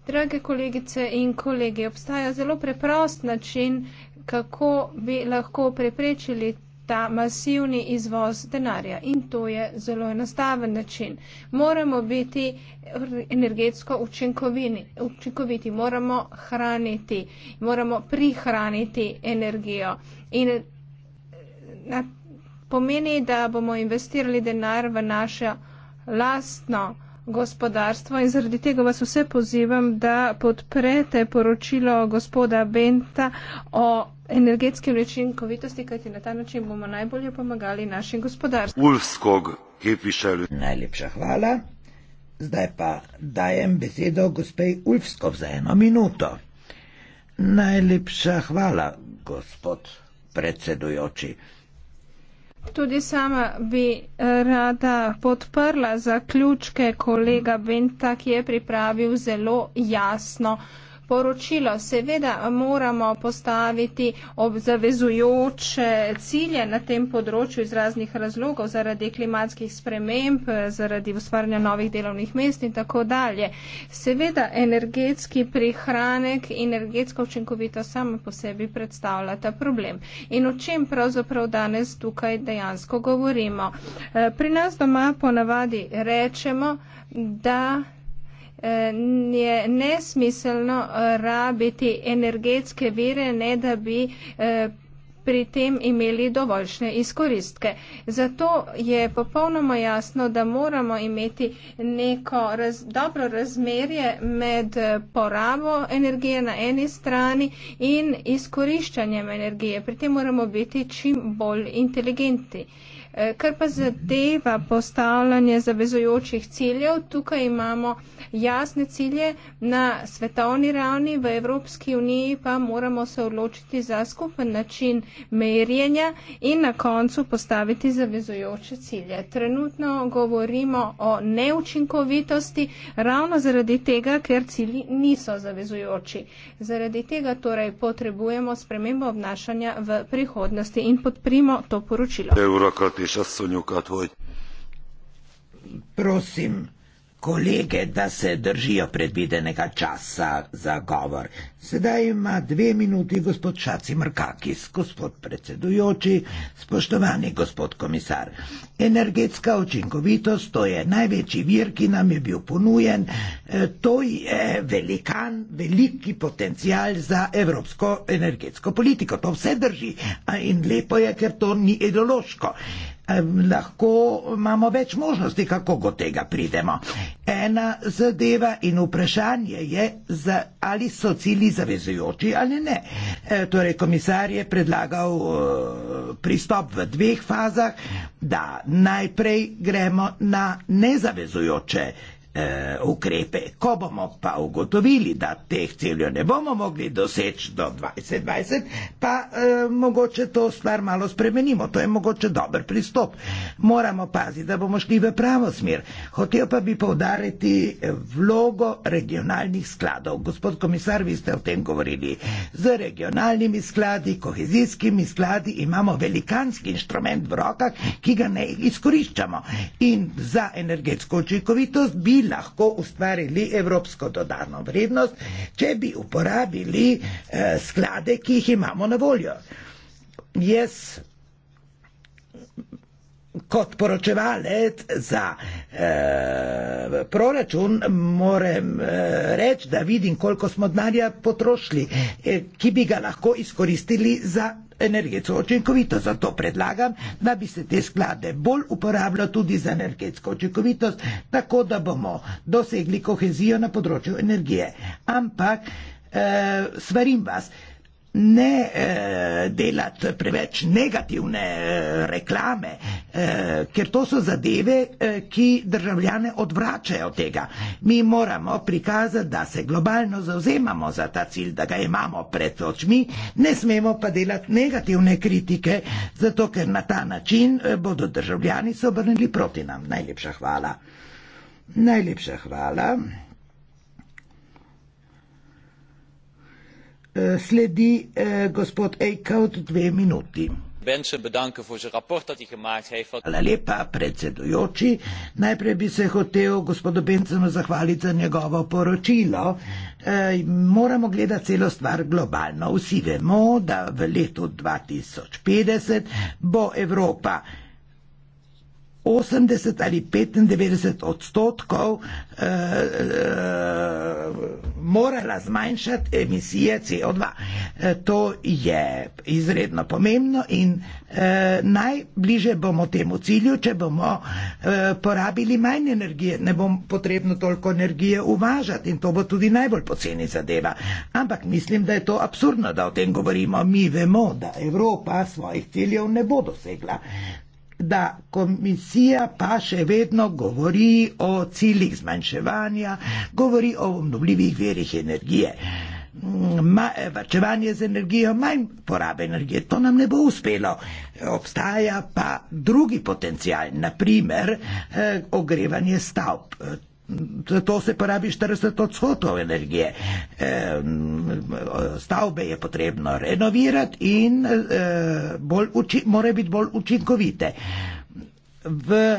Drage kolegice in kolegi, obstaja zelo preprost način, kako bi lahko preprečili ta masivni izvoz denarja in to je zelo enostaven način. Moramo biti energetsko učinkoviti, moramo hraniti, moramo prihraniti energijo in eh, na, pomeni, da bomo investirali denar v naše lastno gospodarstvo in zaradi tega vas vse pozivam, da podprete poročilo gospoda Benta o energetskim rečim kovitosti, kajti na ta način bomo najbolje pomagali našim gospodarstvom. Ulfskog, ki piše ljudi. Najlepša hvala. Zdaj pa dajem besedo gospej Ulfskov za eno minuto. Najlepša hvala, gospod predsedujoči. Tudi sama bi eh, rada podprla zaključke kolega Benta, ki je pripravil zelo jasno poročilo. Seveda moramo postaviti obzavezujoče cilje na tem področju iz raznih razlogov, zaradi klimatskih sprememb, zaradi ustvarjanja novih delovnih mest in tako dalje. Seveda energetski prihranek, energetsko učinkovito samo po sebi predstavlja ta problem. In o čem pravzaprav danes tukaj dejansko govorimo? Eh, pri nas doma ponavadi rečemo, da je nesmiselno eh, rabiti energetske vire, ne da bi eh, pri tem imeli dovoljšne izkoristke. Zato je popolnoma jasno, da moramo imeti neko raz, dobro razmerje med eh, porabo energije na eni strani in izkoriščanjem energije. Pri tem moramo biti čim bolj inteligentni. Eh, kar pa zadeva postavljanje zavezojočih ciljev, tukaj imamo jasne cilje na svetovni ravni, v Evropski uniji pa moramo se odločiti za skupen način merjenja in na koncu postaviti zavezojoče cilje. Trenutno govorimo o neučinkovitosti ravno zaradi tega, ker cilji niso zavezojoči. Zaradi tega torej potrebujemo spremembo obnašanja v prihodnosti in podprimo to poročilo. Evrokrati és asszonyokat, hogy... Prosim, kolége, da se držijo predvidenega časa za govor. Sedaj ima dve minuti gospod Šaci Mrkakis, gospod predsedujoči, spoštovani gospod komisar. Energetska učinkovitost, to je največji vir, ki nam je bil ponujen, eh, to je velikan, veliki potencial za evropsko energetsko politiko. To vse drži in lepo je, ker to ni ideološko. Lahko imamo več možnosti, kako do tega pridemo. Ena zadeva in vprašanje je, ali so cilji zavezujoči ali ne. E, torej, komisar je predlagal e, pristop v dveh fazah, da najprej gremo na nezavezujoče cilje eh, ukrepe, ko bomo pa ugotovili, da teh ciljev ne bomo mogli doseči do 2020, pa eh, mogoče to stvar malo spremenimo. To je mogoče dober pristop. Moramo paziti, da bomo šli v pravo smer. Hotel pa bi povdariti vlogo regionalnih skladov. Gospod komisar, vi ste o tem govorili. Z regionalnimi skladi, kohezijskimi skladi imamo velikanski inštrument v rokah, ki ga ne izkoriščamo. In za energetsko učinkovitost bi lahko ustvarili evropsko dodano vrednost, če bi uporabili eh, sklade, ki jih imamo na voljo. Jaz kot poročevalec za eh, proračun moram eh, reči, da vidim, koliko smo denarja potrošili, eh, ki bi ga lahko izkoristili za energetsko očinkovito. Zato predlagam, da bi se te sklade bolj uporabljalo tudi za energetsko očinkovitost, tako da bomo dosegli kohezijo na področju energije. Ampak eh, svarim vas, ne eh, delati preveč negativne eh, reklame, eh, ker to so zadeve, eh, ki državljane odvračajo od tega. Mi moramo prikazati, da se globalno zauzemamo za ta cilj, da ga imamo pred očmi, ne smemo pa delati negativne kritike, zato ker na ta način eh, bodo državljani se obrnili proti nam. Najlepša hvala. Najlepša hvala. Eh, sledi eh, gospod Eikhout dve minuti. Hvala lepa, predsedujoči. Najprej bi se hotel gospodu Bencenu zahvaliti za njegovo poročilo. E, moramo gledati celo stvar globalno. Vsi vemo, da v letu 2050 bo Evropa 80 ali 95 odstotkov e, e, morala zmanjšati emisije CO2. E, eh, to je izredno pomembno in e, najbliže bomo temu cilju, če bomo e, porabili manj energije, ne bom potrebno toliko energije uvažati in to bo tudi najbolj poceni zadeva. Ampak mislim, da je to absurdno, da o tem govorimo. Mi vemo, da Evropa svojih ciljev ne bo dosegla da komisija pa še vedno govori o ciljih zmanjševanja, govori o obnovljivih verih energije. Mm, ma, eh, vrčevanje z energijo, manj porabe energije, to nam ne bo uspelo. Obstaja pa drugi potencial, naprimer eh, ogrevanje stavb. To se porabi 40 odstotkov energije. Stavbe je potrebno renovirati in eh, mora biti bolj učinkovite. V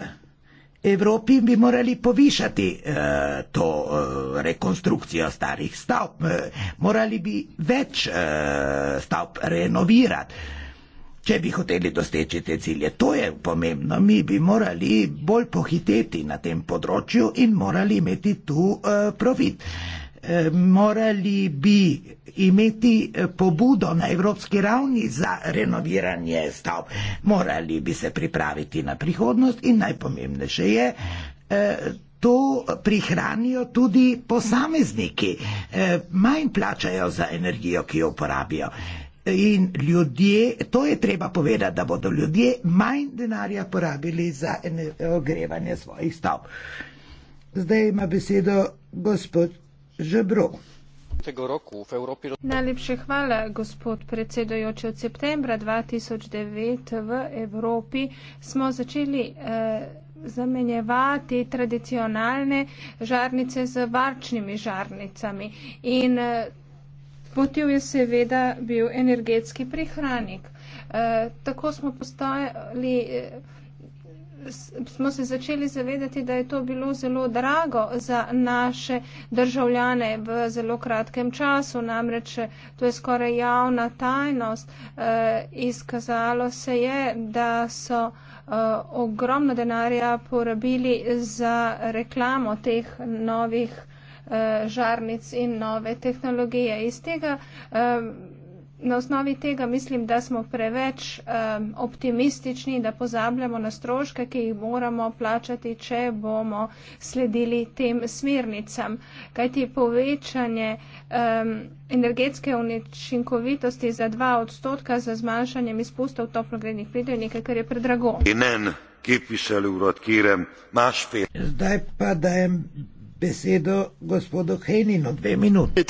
Evropi bi morali povišati eh, to eh, rekonstrukcijo starih stavb, morali bi več stavb renovirati če bi hoteli doseči te cilje. To je pomembno. Mi bi morali bolj pohiteti na tem področju in morali imeti tu uh, profit. Eh, morali bi imeti eh, pobudo na evropski ravni za renoviranje stavb, morali bi se pripraviti na prihodnost in najpomembnejše je, to prihranijo tudi posamezniki, manj plačajo za energijo, ki jo uporabijo. In ljudje, to je treba povedati, da bodo ljudje manj denarja porabili za ogrevanje svojih stavb. Zdaj ima besedo gospod Žebro. Najlepše hvala, gospod predsedojoči. Od septembra 2009 v Evropi smo začeli eh, zamenjevati tradicionalne žarnice z varčnimi žarnicami. In, eh, Putil je seveda bil energetski prihranik. E, eh, tako smo postali. Eh, smo se začeli zavedati, da je to bilo zelo drago za naše državljane v zelo kratkem času, namreč eh, to je skoraj javna tajnost. E, izkazalo se je, da so e, ogromno denarja porabili za reklamo teh novih. Eh, žarnic in nove tehnologije. Iz tega, eh, na osnovi tega mislim, da smo preveč eh, optimistični, da pozabljamo na stroške, ki jih moramo plačati, če bomo sledili tem smernicam. Kajti povečanje energetske učinkovitosti za dva odstotka za zmanjšanjem izpustov toplogrednih plinov je nekaj, kar je predrago. Képviselő urat kérem, másfél. Zdaj pa, da besedo gospodu Henino, dve minuti.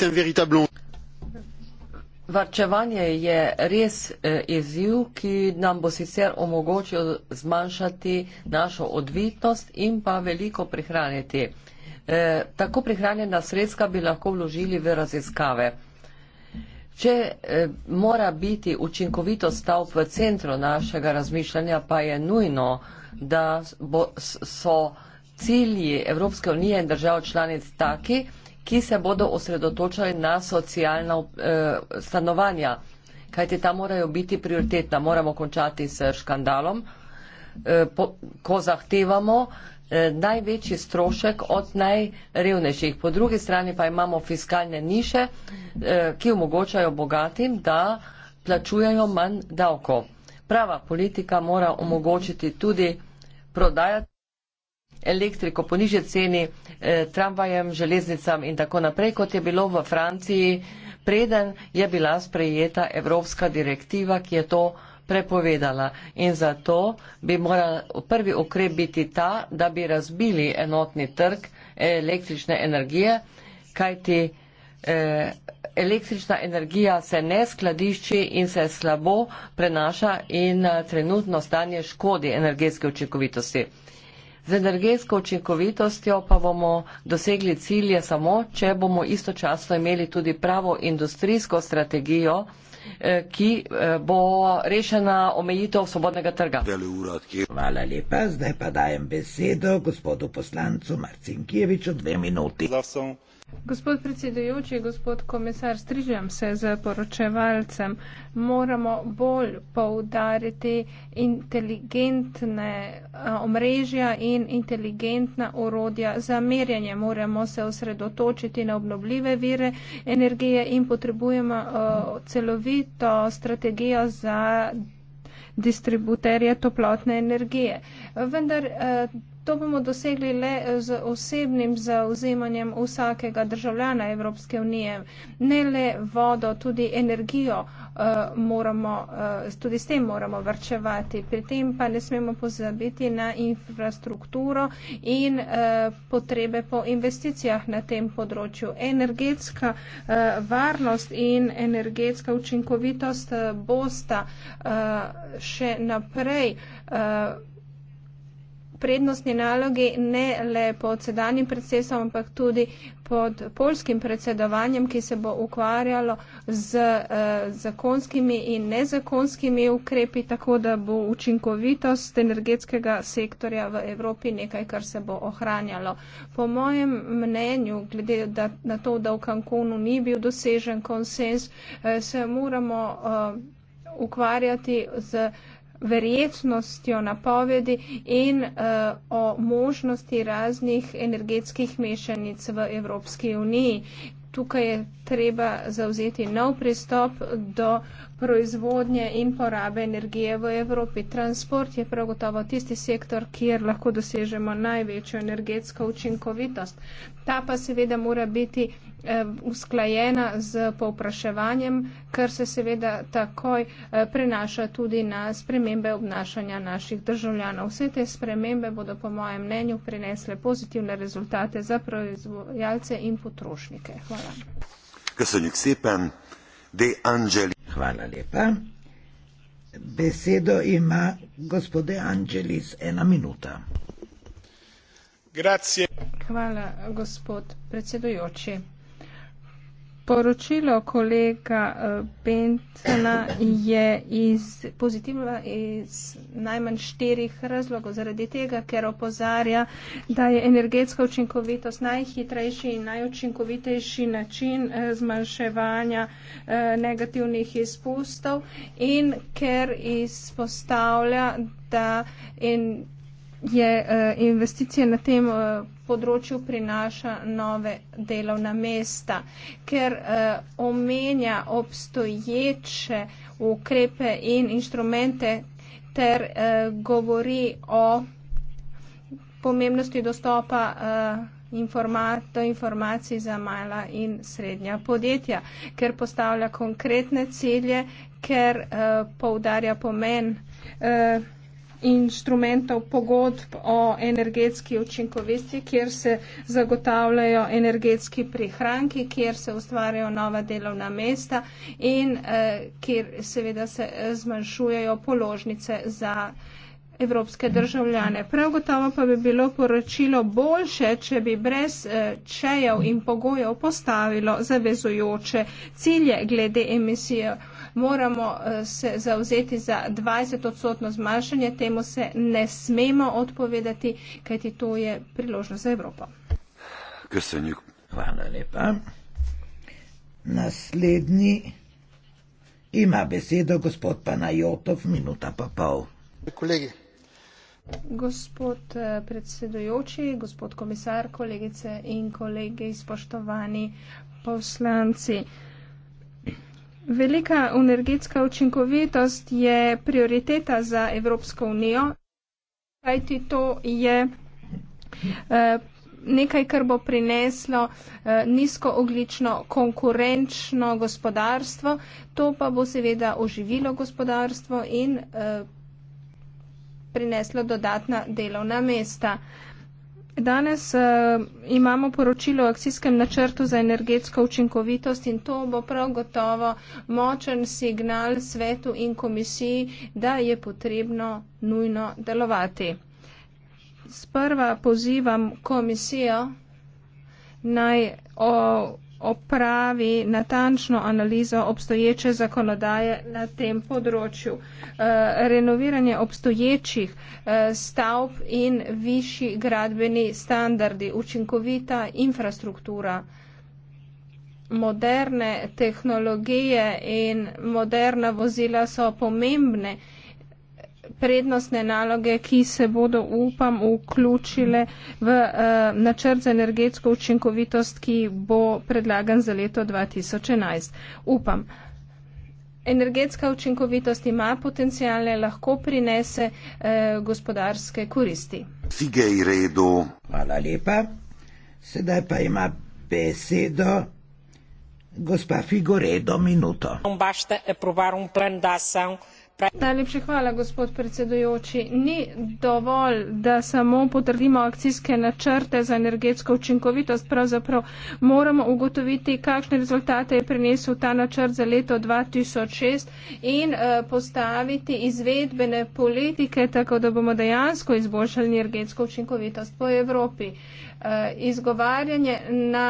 Varčevanje je res eh, izziv, ki nam bo sicer omogočil zmanjšati našo odvitnost in pa veliko prihraniti. E, tako prihranjena sredstva bi lahko vložili v raziskave. Če e, mora biti učinkovito stavb v centru našega razmišljanja, pa je nujno, da bo, so cilji Evropske unije in držav članic taki, ki se bodo osredotočali na socialna eh, stanovanja, kajti ta morajo biti prioritetna. Moramo končati s škandalom, eh, ko zahtevamo eh, največji strošek od najrevnejših. Po drugi strani pa imamo fiskalne niše, ki omogočajo bogatim, da plačujejo manj davko. Prava politika mora omogočiti tudi prodajati elektriko po nižji ceni, eh, tramvajem, železnicam in tako naprej, kot je bilo v Franciji, preden je bila sprejeta evropska direktiva, ki je to prepovedala. In zato bi moral prvi ukrep biti ta, da bi razbili enotni trg električne energije, kajti eh, električna energija se ne skladišči in se slabo prenaša in eh, trenutno stanje škodi energetske učinkovitosti. Z energetsko učinkovitostjo pa bomo dosegli cilje samo, če bomo istočasno imeli tudi pravo industrijsko strategijo, eh, ki eh, bo rešena omejitev svobodnega trga. Hvala lepa, zdaj pa dajem besedo gospodu poslancu Marcinkijeviču dve minuti. Zdravstvo. Gospod predsedujoči, gospod komisar, strižam se z poročevalcem. Moramo bolj poudariti inteligentne omrežja in inteligentna urodja za merjanje. Moramo se osredotočiti na obnobljive vire energije in potrebujemo celovito strategijo za distributerje toplotne energije. Vendar To bomo dosegli le eh, z osebnim zauzemanjem vsakega državljana Evropske unije. Ne le vodo, tudi energijo eh, moramo, eh, tudi s tem moramo vrčevati. Pri tem pa ne smemo pozabiti na infrastrukturo in potrebe po investicijah na tem področju. Energetska varnost in energetska učinkovitost bosta še naprej prednostni nalogi ne le pod sedanjim predsedstvom, ampak tudi pod polskim predsedovanjem, ki se bo ukvarjalo z eh, zakonskimi in nezakonskimi ukrepi, tako da bo učinkovitost energetskega sektorja v Evropi nekaj, kar se bo ohranjalo. Po mojem mnenju, glede da, na to, da v Cancunu ni bil dosežen konsens, eh, se moramo eh, ukvarjati z verjetnostjo napovedi in uh, o možnosti raznih energetskih mešanic v Evropski uniji. Tukaj je treba zauzeti nov pristop do proizvodnje in porabe energije v Evropi. Transport je prav gotovo tisti sektor, kjer lahko dosežemo največjo energetsko učinkovitost. Ta pa seveda mora biti Eh, usklajena z povpraševanjem, kar se seveda takoj eh, prenaša tudi na spremembe obnašanja naših državljanov. Vse te spremembe bodo po mojem mnenju prinesle pozitivne rezultate za proizvajalce in potrošnike. Hvala. Hvala lepa. Besedo ima gospode Angelis, ena minuta. Grazie. Hvala, gospod predsedujoči. Poročilo kolega eh, Bencena je iz, pozitivno iz najmanj štirih razlogov. Zaradi tega, ker opozarja, da je energetska učinkovitost najhitrejši in najučinkovitejši način eh, zmanjševanja eh, negativnih izpustov in ker izpostavlja, da in je eh, investicija na tem eh, področju prinaša nove delovna mesta, ker eh, omenja obstoječe ukrepe in inštrumente ter govori o pomembnosti dostopa do informacij za mala in srednja podjetja, ker postavlja konkretne cilje, ker poudarja pomen inštrumentov pogodb o energetski učinkovisti, kjer se zagotavljajo energetski prihranki, kjer se ustvarjajo nova delovna mesta in eh, kjer seveda se eh, zmanjšujejo položnice za evropske državljane. Prav gotovo pa bi bilo poročilo boljše, če bi brez eh, čejev in pogojev postavilo zavezujoče cilje glede emisije moramo eh, se zauzeti za 20 odstotno zmanjšanje, temu se ne smemo odpovedati, kajti to je priložnost za Evropo. Kresenjuk. Hvala lepa. Naslednji ima besedo gospod Panajotov, minuta pa pol. Kolegi. Gospod eh, predsedujoči, gospod komisar, kolegice in kolege, spoštovani poslanci. Velika energetska učinkovitost je prioriteta za Evropsko unijo, kajti to je eh, nekaj, kar bo prineslo eh, nizkooglično konkurenčno gospodarstvo, to pa bo seveda oživilo gospodarstvo in eh, prineslo dodatna delovna mesta. Danes uh, imamo poročilo o akcijskem načrtu za energetsko učinkovitost in to bo prav gotovo močen signal svetu in komisiji, da je potrebno nujno delovati. Sprva pozivam komisijo naj o. Uh, opravi natančno analizo obstoječe zakonodaje na tem področju. Eh, renoviranje obstoječih eh, stavb in višji gradbeni standardi, učinkovita infrastruktura, moderne tehnologije in moderna vozila so pomembne prednostne naloge, ki se bodo, upam, vključile v uh, načrt za energetsko učinkovitost, ki bo predlagan za leto 2011. Upam. Energetska učinkovitost ima potencijale, lahko prinese eh, gospodarske koristi. Figej redu. Hvala lepa. Sedaj pa ima besedo gospa Figoredo minuto. Najlepša hvala, gospod predsedujoči. Ni dovolj, da samo potrdimo akcijske načrte za energetsko učinkovitost. Pravzaprav moramo ugotoviti, kakšne rezultate je prinesel ta načrt za leto 2006 in uh, postaviti izvedbene politike, tako da bomo dejansko izboljšali energetsko učinkovitost po Evropi. Uh, izgovarjanje na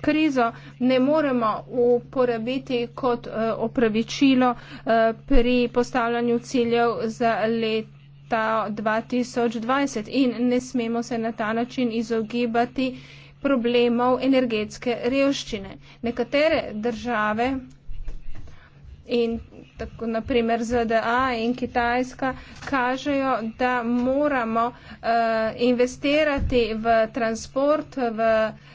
krizo ne moremo uporabiti kot eh, opravičilo eh, pri postavljanju ciljev za let. Ta 2020 in ne smemo se na ta način izogibati problemov energetske revščine. Nekatere države in tako naprimer ZDA in Kitajska, kažejo, da moramo uh, investirati v transport, v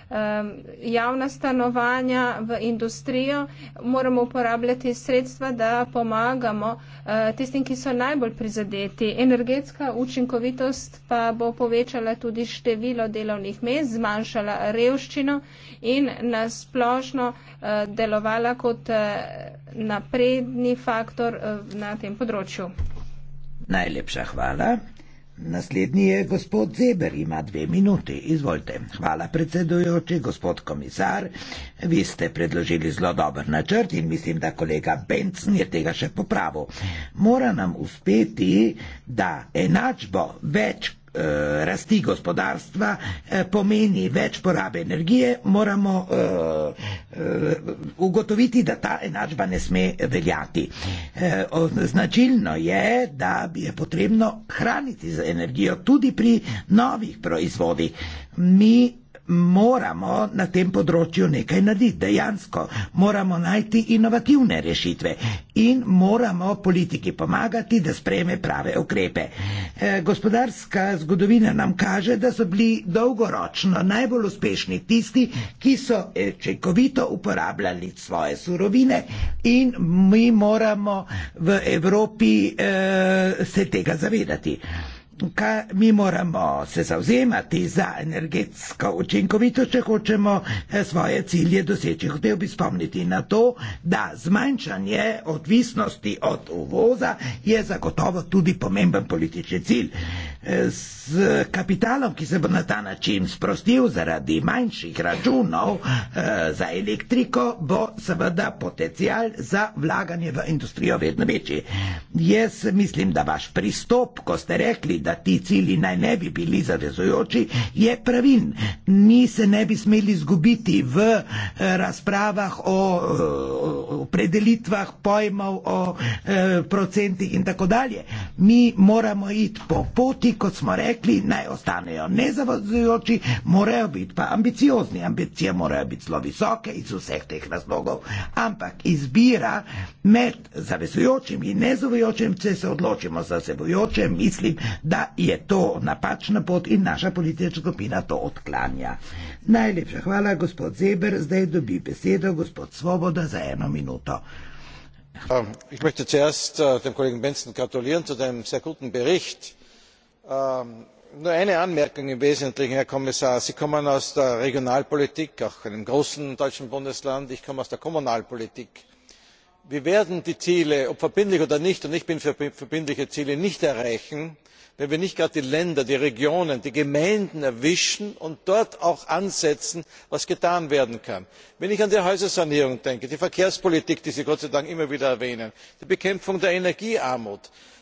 um, javna stanovanja, v industrijo, moramo uporabljati sredstva, da pomagamo uh, tistim, ki so najbolj prizadeti. Energetska učinkovitost pa bo povečala tudi število delovnih mest, zmanjšala revščino in nasplošno uh, Eh, delovala kot eh, napredni faktor eh, na tem področju. Najlepša hvala. Naslednji je gospod Zeber, ima dve minuti. Izvolite. Hvala, predsedujoči, gospod komisar. Vi ste predložili zelo dober načrt in mislim, da kolega Bencn je tega še popravil. Mora nam uspeti, da enačbo več Eh, rasti gospodarstva eh, pomeni več porabe energije, moramo eh, ugotoviti, da ta enačba ne sme veljati. Značilno je, da bi je potrebno hraniti z energijo tudi pri novih proizvodih. Mi moramo na tem področju nekaj narediti, dejansko moramo najti inovativne rešitve in moramo politiki pomagati, da spreme prave ukrepe. E, gospodarska zgodovina nam kaže, da so bili dolgoročno najbolj uspešni tisti, ki so čekovito uporabljali svoje surovine in mi moramo v Evropi e, se tega zavedati kaj mi moramo se zauzemati za energetsko učinkovito, če hočemo eh, svoje cilje doseči. Hotev bi spomniti na to, da zmanjšanje odvisnosti od uvoza je zagotovo tudi pomemben politični cilj. Eh, s kapitalom, ki se bo na ta način sprostil zaradi manjših računov eh, za elektriko, bo seveda potencial za vlaganje v industrijo vedno večji. Jaz mislim, da vaš pristop, ko ste rekli, da da ti cilji naj ne bi bili zavezojoči, je pravin. Mi se ne bi smeli izgubiti v eh, razpravah o eh, opredelitvah pojmov, o eh, procentih in tako dalje. Mi moramo iti po poti, kot smo rekli, naj ostanejo nezavezojoči, morajo biti pa ambiciozni. Ambicije morajo biti zelo visoke iz vseh teh razlogov. Ampak izbira med zavezojočim in nezavezojočim, če se odločimo za sebojoče, mislim, da je to napačna pot in naša politična skupina to odklanja. Najlepša hvala, gospod Zeber. Zdaj dobi besedo gospod Svoboda za eno minuto. Ja, ich möchte zuerst äh, dem Kollegen Benson gratulieren zu dem sehr guten Bericht. Ähm, nur eine Anmerkung im Wesentlichen, Herr Kommissar. Sie kommen aus der Regionalpolitik, auch einem großen deutschen Bundesland. Ich komme aus der Kommunalpolitik. Wir werden die Ziele, ob verbindlich oder nicht, und ich bin für verbindliche Ziele, nicht erreichen, wenn wir nicht gerade die länder die regionen die gemeinden erwischen und dort auch ansetzen was getan werden kann. wenn ich an die häusersanierung denke die verkehrspolitik die sie gott sei dank immer wieder erwähnen die bekämpfung der energiearmut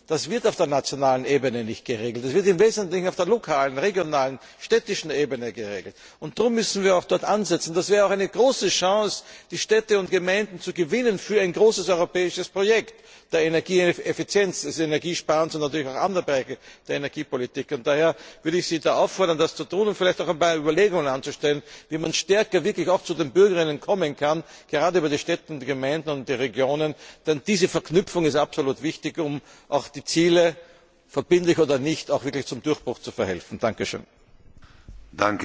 das wird auf der nationalen ebene nicht geregelt das wird im wesentlichen auf der lokalen regionalen städtischen ebene geregelt. darum müssen wir auch dort ansetzen. das wäre auch eine große chance die städte und gemeinden zu gewinnen für ein großes europäisches projekt der energieeffizienz des energiesparens und natürlich auch anderer bereiche der energiepolitik. daher würde ich sie auffordern das zu tun und vielleicht auch ein paar überlegungen anzustellen wie man stärker wirklich auch zu den bürgerinnen und bürgern kommen kann gerade über die städte und gemeinden und die regionen denn diese verknüpfung ist absolut wichtig um die ziele verbindlich oder nicht auch wirklich zum durchbruch zu verhelfen. danke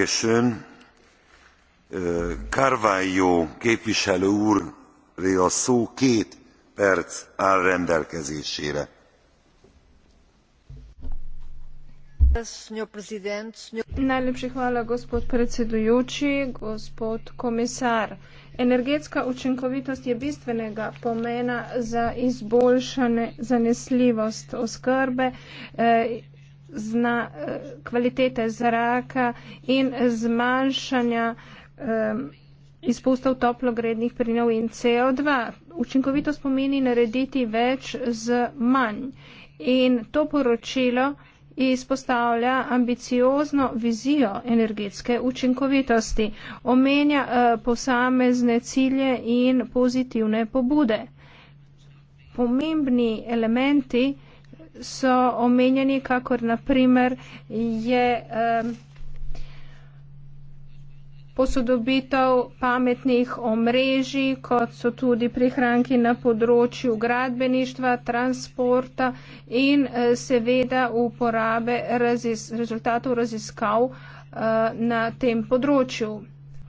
schön. Najlepša hvala, gospod predsedujoči, gospod komisar. Energetska učinkovitost je bistvenega pomena za izboljšanje zanesljivost oskrbe, eh, zna, eh, kvalitete zraka in zmanjšanja eh, izpustov toplogrednih plinov in CO2. Učinkovitost pomeni narediti več z manj. In to poročilo izpostavlja ambiciozno vizijo energetske učinkovitosti, omenja eh, posamezne cilje in pozitivne pobude. Pomembni elementi so omenjeni, kakor naprimer je. Um, posodobitev pametnih omrežij, kot so tudi prihranki na področju gradbeništva, transporta in eh, seveda uporabe razis, rezultatov raziskav eh, na tem področju.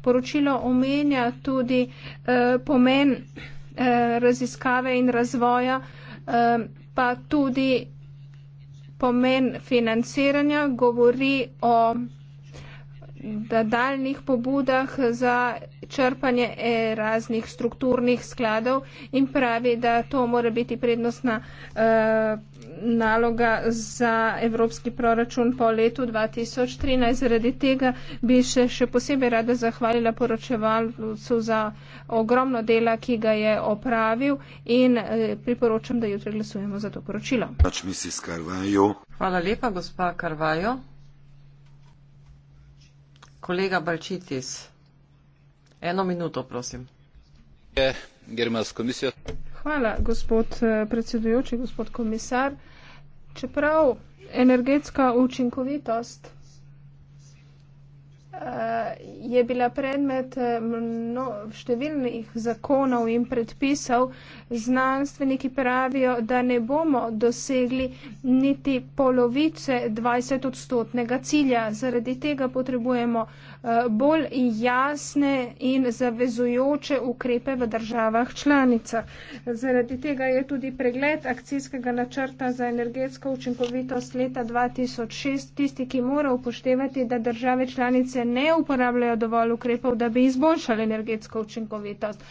Poročilo omenja tudi eh, pomen raziskave in razvoja, pa tudi pomen financiranja, govori o nadaljnih pobudah za črpanje raznih strukturnih skladov in pravi, da to mora biti prednostna eh, naloga za evropski proračun po letu 2013. Zaradi tega bi se še posebej rada zahvalila poročevalcu za ogromno dela, ki ga je opravil in eh, priporočam, da jutri glasujemo za to poročilo. Pač Hvala lepa, gospa Karvajo. Kolega Balčitis, eno minuto, prosim. Hvala, gospod eh, predsedujoči, gospod komisar. Čeprav energetska učinkovitost je bila predmet eh, mno, številnih zakonov in predpisov, znanstveniki pravijo, da ne bomo dosegli niti polovice 20-odstotnega cilja. Zaradi tega potrebujemo uh, Eh, bolj jasne in zavezujoče ukrepe v državah članicah. Zaradi tega je tudi pregled akcijskega načrta za energetsko učinkovitost leta 2006 tisti, ki mora upoštevati, da države članice ne uporabljajo dovolj ukrepov, da bi izboljšali energetsko učinkovitost.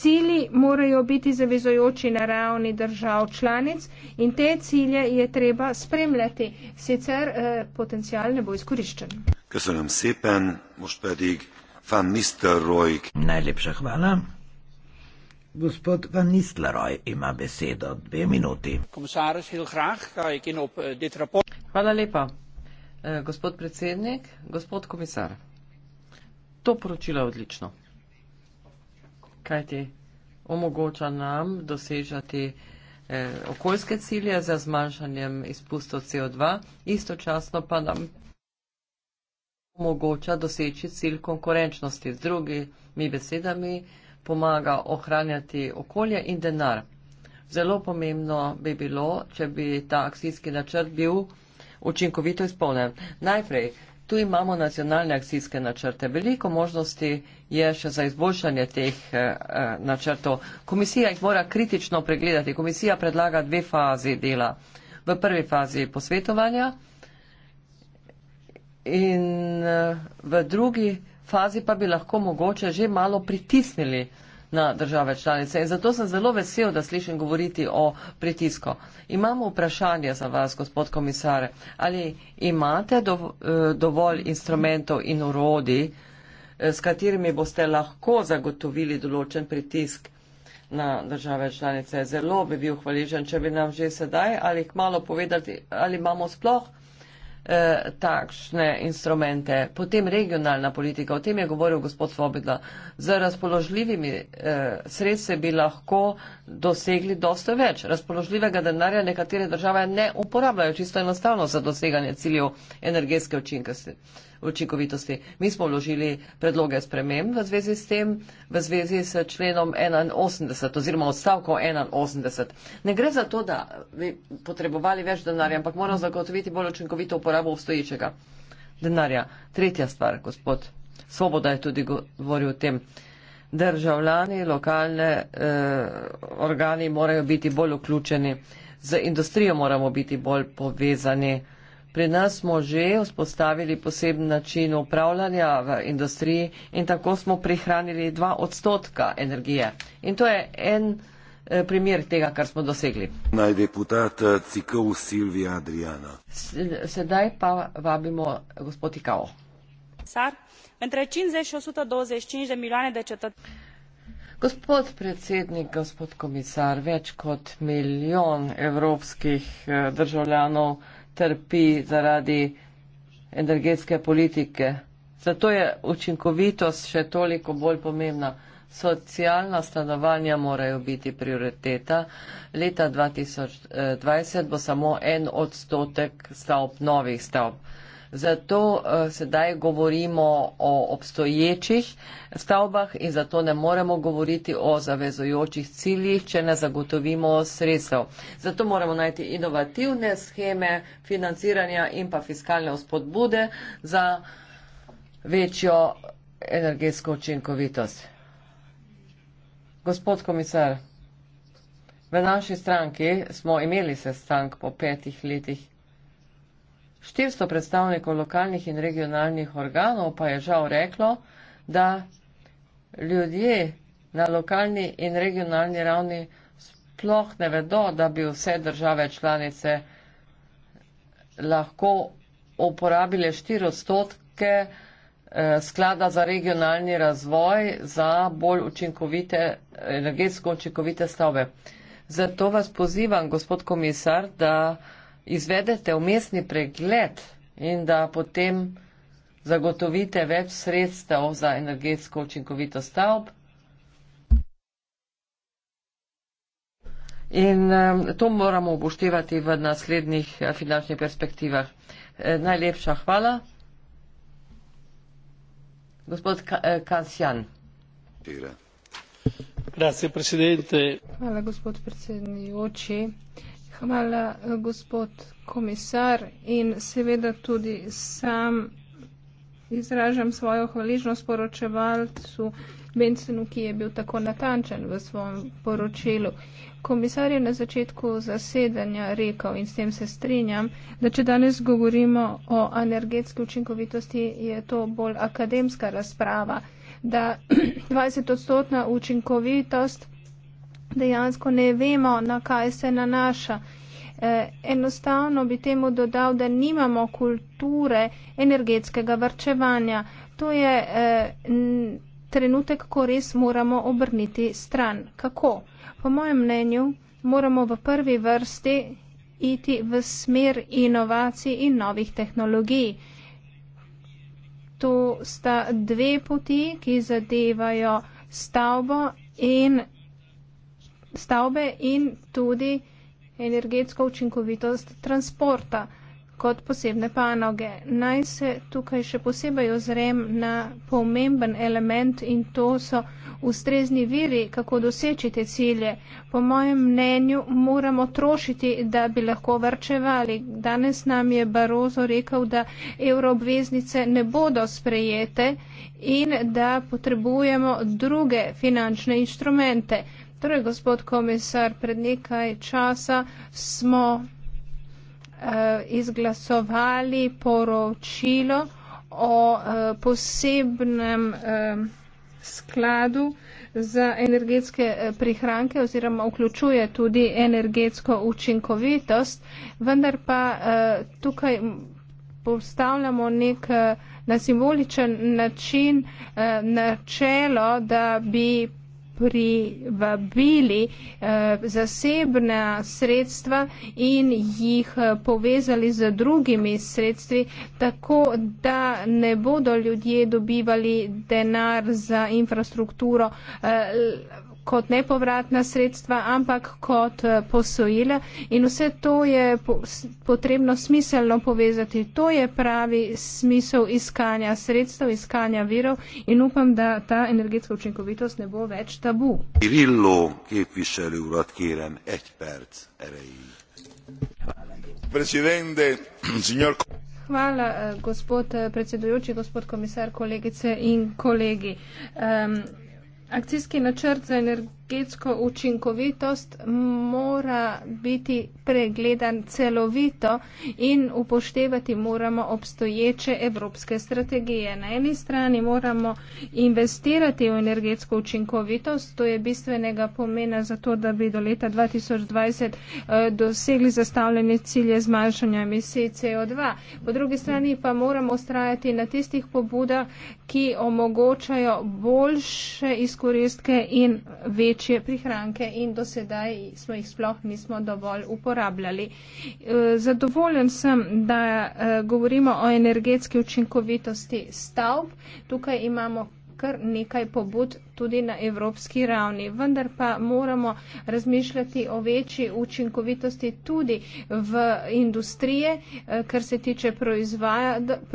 Cili morajo biti zavezojoči na ravni držav članic in te cilje je treba spremljati, sicer eh, potencial ne bo izkoriščen. Köszönöm szépen, most pedig Van Nistelrooy. Najlepša hvala. Gospod Van Nistelrooy ima besedo dve minuti. Komisaris, heel graag, ga ik in op eh, dit rapport. Hvala lepa. Eh, gospod predsednik, gospod komisar. To poročilo je odlično. Kaj ti omogoča nam dosežati eh, okoljske cilje za zmanjšanjem izpustov CO2, istočasno pa nam omogoča doseči cilj konkurenčnosti, z drugimi besedami pomaga ohranjati okolje in denar. Zelo pomembno bi bilo, če bi ta akcijski načrt bil učinkovito izpolnjen. Najprej, tu imamo nacionalne akcijske načrte. Veliko možnosti je še za izboljšanje teh eh, eh načrtov. Komisija jih mora kritično pregledati. Komisija predlaga dve fazi dela. V prvi fazi posvetovanja in eh, v drugi fazi pa bi lahko mogoče že malo pritisnili na države članice. In zato sem zelo vesel, da slišim govoriti o pritisku. Imamo vprašanje za vas, gospod komisar. Ali imate dov, eh, dovolj instrumentov in urodi, eh, s katerimi boste lahko zagotovili določen pritisk na države članice? Zelo bi bil hvaležen, če bi nam že sedaj ali kmalo povedali, ali imamo sploh eh, takšne instrumente. Potem regionalna politika, o tem je govoril gospod Svobodla. Z razpoložljivimi eh, sredstvi bi lahko dosegli dosto več. Razpoložljivega denarja nekatere države ne uporabljajo čisto enostavno za doseganje ciljev energetske učinkosti. Eh, učinkovitosti. Mi smo vložili predloge sprememb v zvezi s tem, v zvezi s členom 81 oziroma odstavko 81. Ne gre za to, da bi potrebovali več denarja, ampak moramo zagotoviti bolj učinkovito uporabo obstoječega denarja. Tretja stvar, gospod Svoboda je tudi govoril o tem. Državljani, lokalne eh, organi morajo biti bolj vključeni, z industrijo moramo biti bolj povezani. Pri nas smo že vzpostavili poseben način upravljanja v industriji in tako smo prihranili dva odstotka energije. In to je en eh, primer tega, kar smo dosegli. Naj deputat eh, Cikov Silvija Adriana. Sedaj pa vabimo gospod Ikao. Sar, între 50 și 125 de milioane de cetățeni. Gospod predsednik, gospod komisar, več kot milijon evropskih eh, državljanov trpi zaradi energetske politike. Zato je učinkovitost še toliko bolj pomembna. Socialna stanovanja morajo biti prioriteta. Leta 2020 eh, bo samo en odstotek stavb, novih stavb. Zato uh, sedaj govorimo o obstoječih stavbah in zato ne moremo govoriti o zavezojočih ciljih, če ne zagotovimo sredstev. Zato moramo najti inovativne scheme financiranja in pa fiskalne spodbude za večjo energetsko učinkovitost. Gospod komisar, v naši stranki smo imeli sestank po petih letih 400 predstavnikov lokalnih in regionalnih organov pa je žal reklo, da ljudje na lokalni in regionalni ravni sploh ne vedo, da bi vse države članice lahko uporabile 4 odstotke eh, sklada za regionalni razvoj za bolj učinkovite, energetsko učinkovite stavbe. Zato vas pozivam, gospod komisar, da izvedete umestni pregled in da potem zagotovite več sredstev za energetsko učinkovito stavb. In um, to moramo upoštevati v naslednjih eh, finančnih perspektivah. Eh, najlepša hvala. Gospod eh, Kansjan. Hvala, gospod predsednik Oči. Hvala, eh, gospod komisar. In seveda tudi sam izražam svojo hvaležnost poročevalcu Bencenu, ki je bil tako natančen v svojem poročilu. Komisar je na začetku zasedanja rekel in s tem se strinjam, da če danes govorimo o energetski učinkovitosti, je to bolj akademska razprava, da 20-odstotna učinkovitost dejansko ne vemo, na kaj se nanaša. E, enostavno bi temu dodal, da nimamo kulture energetskega vrčevanja. To je e, trenutek, ko res moramo obrniti stran. Kako? Po mojem mnenju moramo v prvi vrsti iti v smer inovacij in novih tehnologij. To sta dve poti, ki zadevajo stavbo in stavbe in tudi energetsko učinkovitost transporta kot posebne panoge. Naj se tukaj še posebej ozrem na pomemben element in to so ustrezni viri, kako doseči te cilje. Po mojem mnenju moramo trošiti, da bi lahko vrčevali. Danes nam je Barozo rekel, da euroobveznice ne bodo sprejete in da potrebujemo druge finančne inštrumente. Torej, gospod komisar, pred nekaj časa smo eh, izglasovali poročilo o eh, posebnem eh, skladu za energetske eh, prihranke oziroma vključuje tudi energetsko učinkovitost, vendar pa eh, tukaj postavljamo nek eh, na simboličen način eh, načelo, da bi privabili eh, zasebna sredstva in jih eh, povezali z drugimi sredstvi, tako da ne bodo ljudje dobivali denar za infrastrukturo eh, kot nepovratna sredstva, ampak kot eh, posojila in vse to je potrebno smiselno povezati. To je pravi smisel iskanja sredstev, iskanja virov in upam, da ta energetska učinkovitost ne bo več tabu. Kirillo, urad, kirem, Hvala, eh, gospod eh, predsedujoči, gospod komisar, kolegice in kolegi. Um, akcijski načrt za energijo energetsko učinkovitost mora biti pregledan celovito in upoštevati moramo obstoječe evropske strategije. Na eni strani moramo investirati v energetsko učinkovitost, to je bistvenega pomena za to, da bi do leta 2020 eh, dosegli zastavljene cilje zmanjšanja emisij CO2. Po drugi strani pa moramo ustrajati na tistih pobudah, ki omogočajo boljše izkoristke in večje večje prihranke in do sedaj smo jih sploh nismo dovolj uporabljali. E, zadovoljen sem, da e, govorimo o energetski učinkovitosti stavb. Tukaj imamo kar nekaj pobud tudi na evropski ravni. Vendar pa moramo razmišljati o večji učinkovitosti tudi v industrije, eh, kar se tiče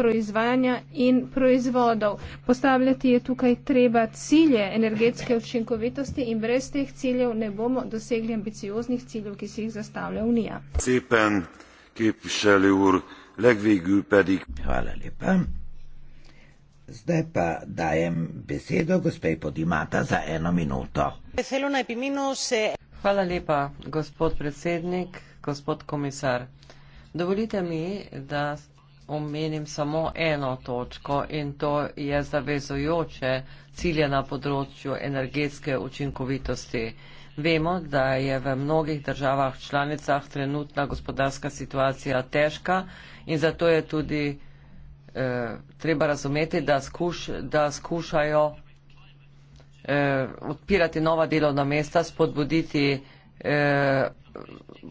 proizvajanja in proizvodov. Postavljati je tukaj treba cilje energetske učinkovitosti in brez teh ciljev ne bomo dosegli ambicioznih ciljev, ki si jih zastavlja Unija. Cipen, Hvala lepa. Zdaj pa dajem besedo gospej Podimata za eno minuto. Hvala lepa, gospod predsednik, gospod komisar. Dovolite mi, da omenim samo eno točko in to je zavezojoče cilje na področju energetske učinkovitosti. Vemo, da je v mnogih državah članicah trenutna gospodarska situacija težka in zato je tudi Eh, treba razumeti, da, skuš, da skušajo eh, odpirati nova delovna mesta, spodbuditi eh,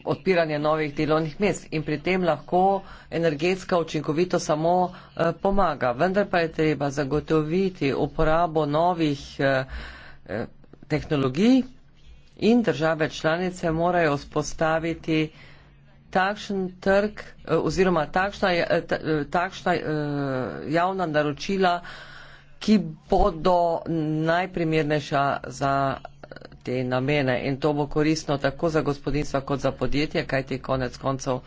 odpiranje novih delovnih mest in pri tem lahko energetska učinkovito samo eh, pomaga. Vendar pa je treba zagotoviti uporabo novih eh, eh tehnologij in države članice morajo spostaviti eh, takšen trg eh, oziroma takšna, eh, eh, takšna javna naročila, ki bodo najprimernejša za te namene. In to bo koristno tako za gospodinstva kot za podjetje, kajti konec koncev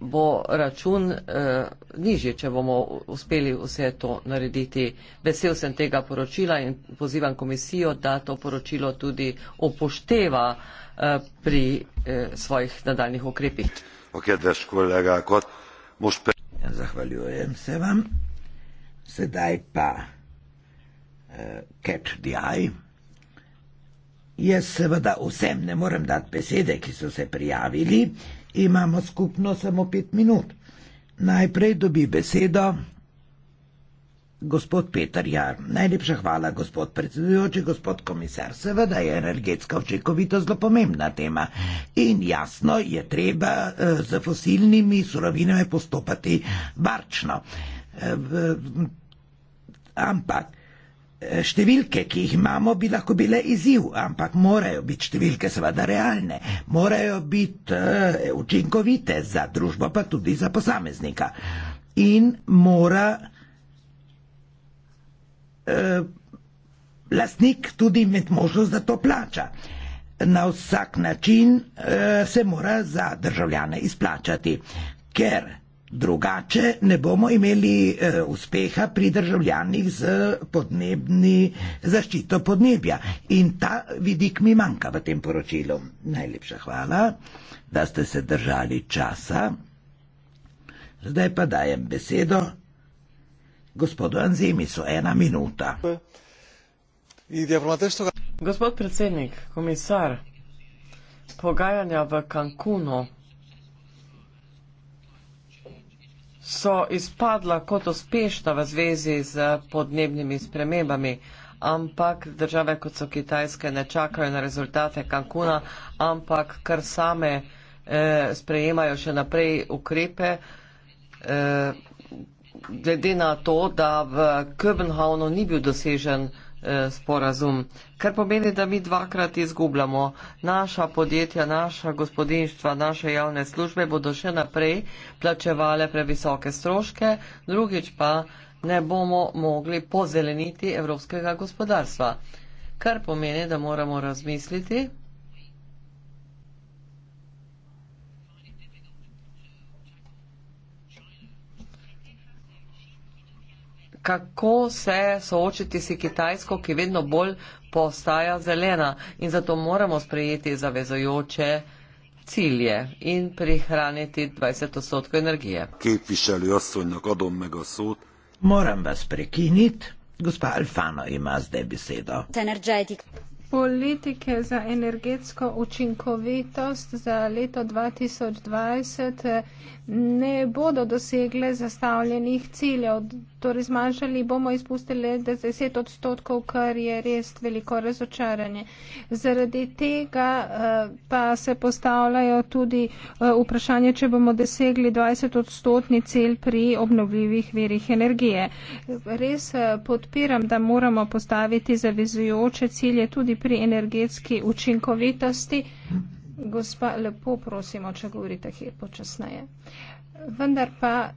bo račun eh, nižji, če bomo uspeli vse to narediti. Vesel sem tega poročila in pozivam komisijo, da to poročilo tudi upošteva. Eh, Eh, pri eh, svojih nadaljnih ukrepih. Ja, zahvaljujem se vam. Sedaj pa eh, Catch the Eye. Jaz seveda vsem ne morem dati besede, ki so se prijavili. Imamo skupno samo pet minut. Najprej dobi besedo. Gospod Petar, ja, najlepša hvala, gospod predsedujoči, gospod komisar. Seveda je energetska očekovitost zelo pomembna tema in jasno je treba eh, z fosilnimi surovinami postopati varčno. Eh, ampak eh, številke, ki jih imamo, bi lahko bile izziv, ampak morajo biti številke seveda realne, morajo biti učinkovite za družbo, pa tudi za posameznika. In mora eh, lastnik tudi med možnost, da to plača. Na vsak način eh, se mora za državljane izplačati, ker drugače ne bomo imeli eh, uspeha pri državljanih z podnebni zaščito podnebja. In ta vidik mi manjka v tem poročilu. Najlepša hvala, da ste se držali časa. Zdaj pa dajem besedo Gospodu Anzimisu, ena minuta. Gospod predsednik, komisar, pogajanja v Cancunu so izpadla kot uspešna v zvezi z podnebnimi spremembami, ampak države kot so Kitajske ne čakajo na rezultate Cancuna, ampak kar same eh, sprejemajo še naprej ukrepe. Eh, glede na to, da v Köbenhavnu ni bil dosežen eh, sporazum, kar pomeni, da mi dvakrat izgubljamo. Naša podjetja, naša gospodinstva, naše javne službe bodo še naprej plačevale previsoke stroške, drugič pa ne bomo mogli pozeleniti evropskega gospodarstva. Kar pomeni, da moramo razmisliti kako se soočiti s Kitajsko, ki vedno bolj postaja zelena in zato moramo sprejeti zavezojoče cilje in prihraniti 20 odstotkov energije. Moram vas prekiniti. Gospa Alfano ima zdaj besedo. Energetik. Politike za energetsko učinkovitost za leto 2020 ne bodo dosegle zastavljenih ciljev. Torej zmanjšali bomo izpustili 10 odstotkov, kar je res veliko razočaranje. Zaradi tega eh, pa se postavljajo tudi eh, vprašanje, če bomo dosegli 20 odstotni cilj pri obnovljivih verih energije. Res eh, podpiram, da moramo postaviti zavezujoče cilje tudi pri energetski učinkovitosti. Gospa, lepo prosimo, če govorite počasneje. Vendar pa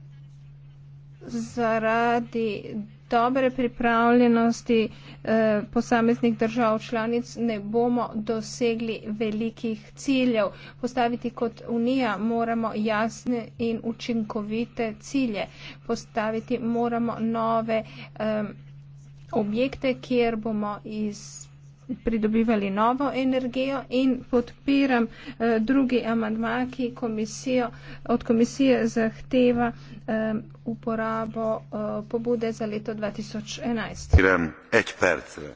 zaradi dobre pripravljenosti eh, posameznih držav članic ne bomo dosegli velikih ciljev. Postaviti kot Unija moramo jasne in učinkovite cilje. Postaviti moramo nove eh, objekte, kjer bomo izpravljali pridobivali novo energijo in podpiram eh, drugi amandma, ki komisijo, od komisije zahteva eh, uporabo eh, pobude za leto 2011.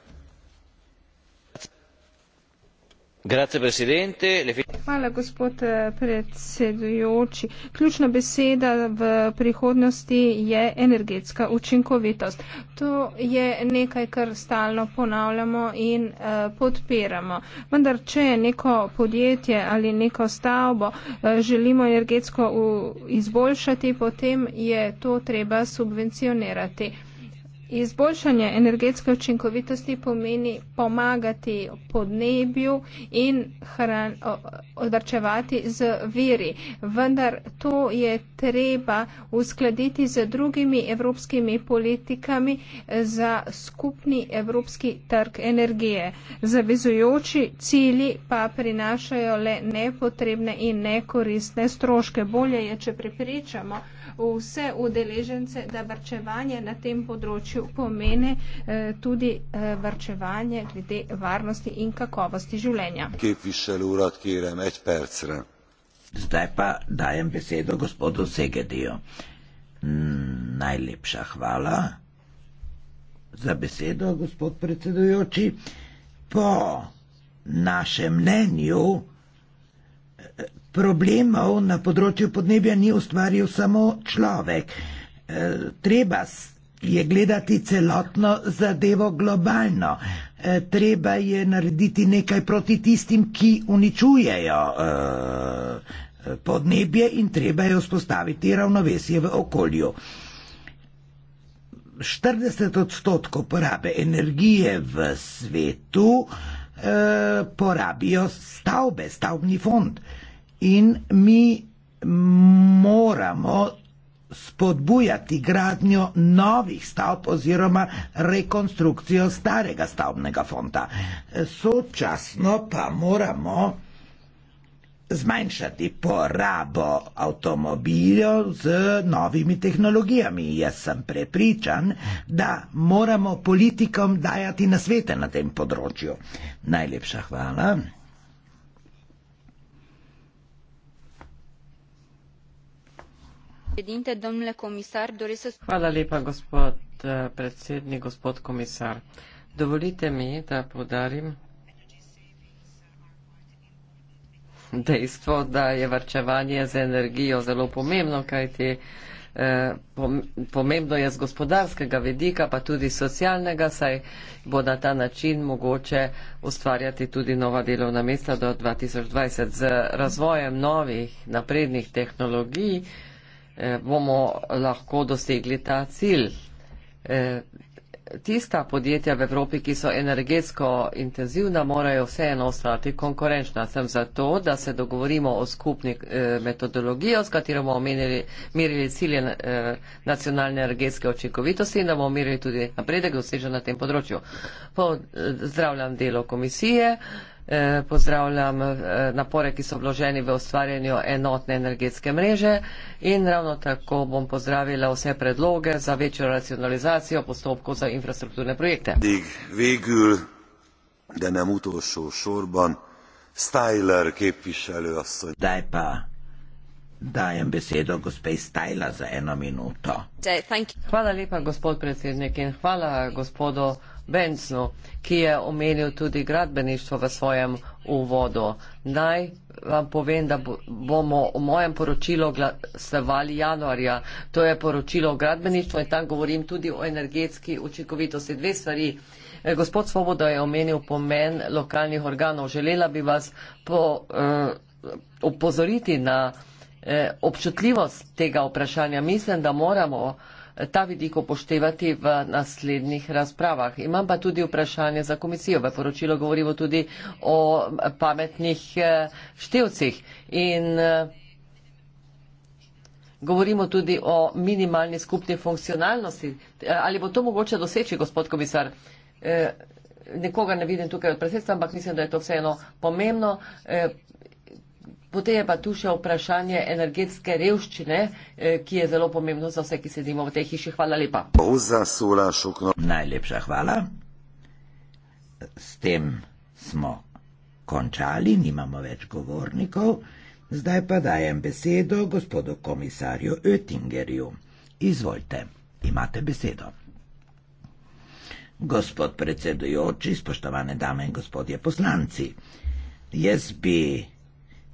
Hvala, gospod eh, predsedujoči. Ključna beseda v prihodnosti je energetska učinkovitost. To je nekaj, kar stalno ponavljamo in uh, podpiramo. Vendar, če je neko podjetje ali neko stavbo, uh, želimo energetsko izboljšati, potem je to treba subvencionirati. Uh, Izboljšanje energetske učinkovitosti pomeni pomagati podnebju in hran, odrčevati z viri, vendar to je treba uskladiti z drugimi evropskimi politikami za skupni evropski trg energije. Zavezujoči cilji pa prinašajo le nepotrebne in nekoristne stroške. Bolje je, če pripričamo vse udeležence, da vrčevanje na tem področju pomeni eh, tudi eh, vrčevanje glede varnosti in kakovosti življenja. Képvisel urat kérem egy percre. Zdaj pa dajem besedo gospodu Segedijo. Mm, najlepša hvala za besedo, gospod predsedujoči. Po našem mnenju eh, problemov na področju podnebja ni ustvaril samo človek. E, treba je gledati celotno zadevo globalno. E, treba je narediti nekaj proti tistim, ki uničujejo e, podnebje in treba je vzpostaviti ravnovesje v okolju. 40 odstotkov porabe energije v svetu eh, porabijo stavbe, stavbni fond. Eh, in mi moramo spodbujati gradnjo novih stavb oziroma rekonstrukcijo starega stavbnega fonda. Sočasno pa moramo zmanjšati porabo avtomobilov z novimi tehnologijami. Jaz sem prepričan, da moramo politikom dajati nasvete na tem področju. Najlepša hvala. gospod eh, predsednik, gospod komisar. Dovolite mi, da poudarim dejstvo, da je varčevanje z energijo zelo pomembno, kajti eh, pomembno je z gospodarskega vidika, pa tudi socialnega, saj bo na ta način mogoče ustvarjati tudi nova delovna mesta do 2020. Z razvojem novih naprednih tehnologij bomo lahko dosegli ta cilj. E, tista podjetja v Evropi, ki so energetsko intenzivna, morajo vseeno ostati konkurenčna. Sem zato, da se dogovorimo o skupni e, metodologijo, s katero bomo menili, merili cilje e, nacionalne energetske očinkovitosti in da bomo merili tudi napredek dosežen na tem področju. Pozdravljam delo komisije. Eh, pozdravljam eh, napore, ki so vloženi v ustvarjanju enotne energetske mreže in ravno tako bom pozdravila vse predloge za večjo racionalizacijo postopkov za infrastrukturne projekte. Dig, végül, da nam utolsó sorban, Stajler képviselő asszony. Daj pa, dajem besedo gospej Stajla za eno minuto. Hvala lepa, gospod predsednik, in hvala gospodu Bencnu, ki je omenil tudi gradbeništvo v svojem uvodu. Naj vam povem, da bomo o mojem poročilu glasovali januarja. To je poročilo o gradbeništvu in tam govorim tudi o energetski učinkovitosti. Dve stvari. Eh, gospod Svoboda je omenil pomen lokalnih organov. Želela bi vas po, eh, opozoriti na eh, občutljivost tega vprašanja. Mislim, da moramo eh, ta vidik upoštevati v naslednjih razpravah. Imam pa tudi vprašanje za komisijo. V poročilu govorimo tudi o pametnih eh, števcih in eh, govorimo tudi o minimalni skupni funkcionalnosti. Eh, ali bo to mogoče doseči, gospod komisar? Nekoga ne vidim tukaj od predsedstva, ampak mislim, da je to vseeno pomembno. Potem je pa tu še vprašanje energetske revščine, eh, ki je zelo pomembno za vse, ki sedimo v tej hiši. Hvala lepa. Najlepša hvala. S tem smo končali, nimamo več govornikov. Zdaj pa dajem besedo gospodu komisarju Oettingerju. Izvolite, imate besedo. Gospod predsedujoči, spoštovane dame in gospodje poslanci, jaz bi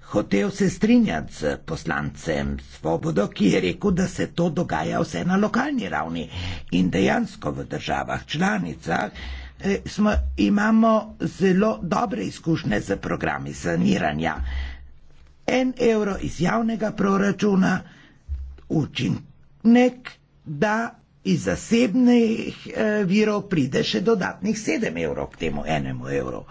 hotel se strinjati z poslancem Svobodo, ki je rekel, da se to dogaja vse na lokalni ravni in dejansko v državah članicah eh, smo, imamo zelo dobre izkušnje z programi saniranja. En evro iz javnega proračuna učinek, da iz zasebnih eh, virov pride še dodatnih sedem evrov k temu enemu evrov.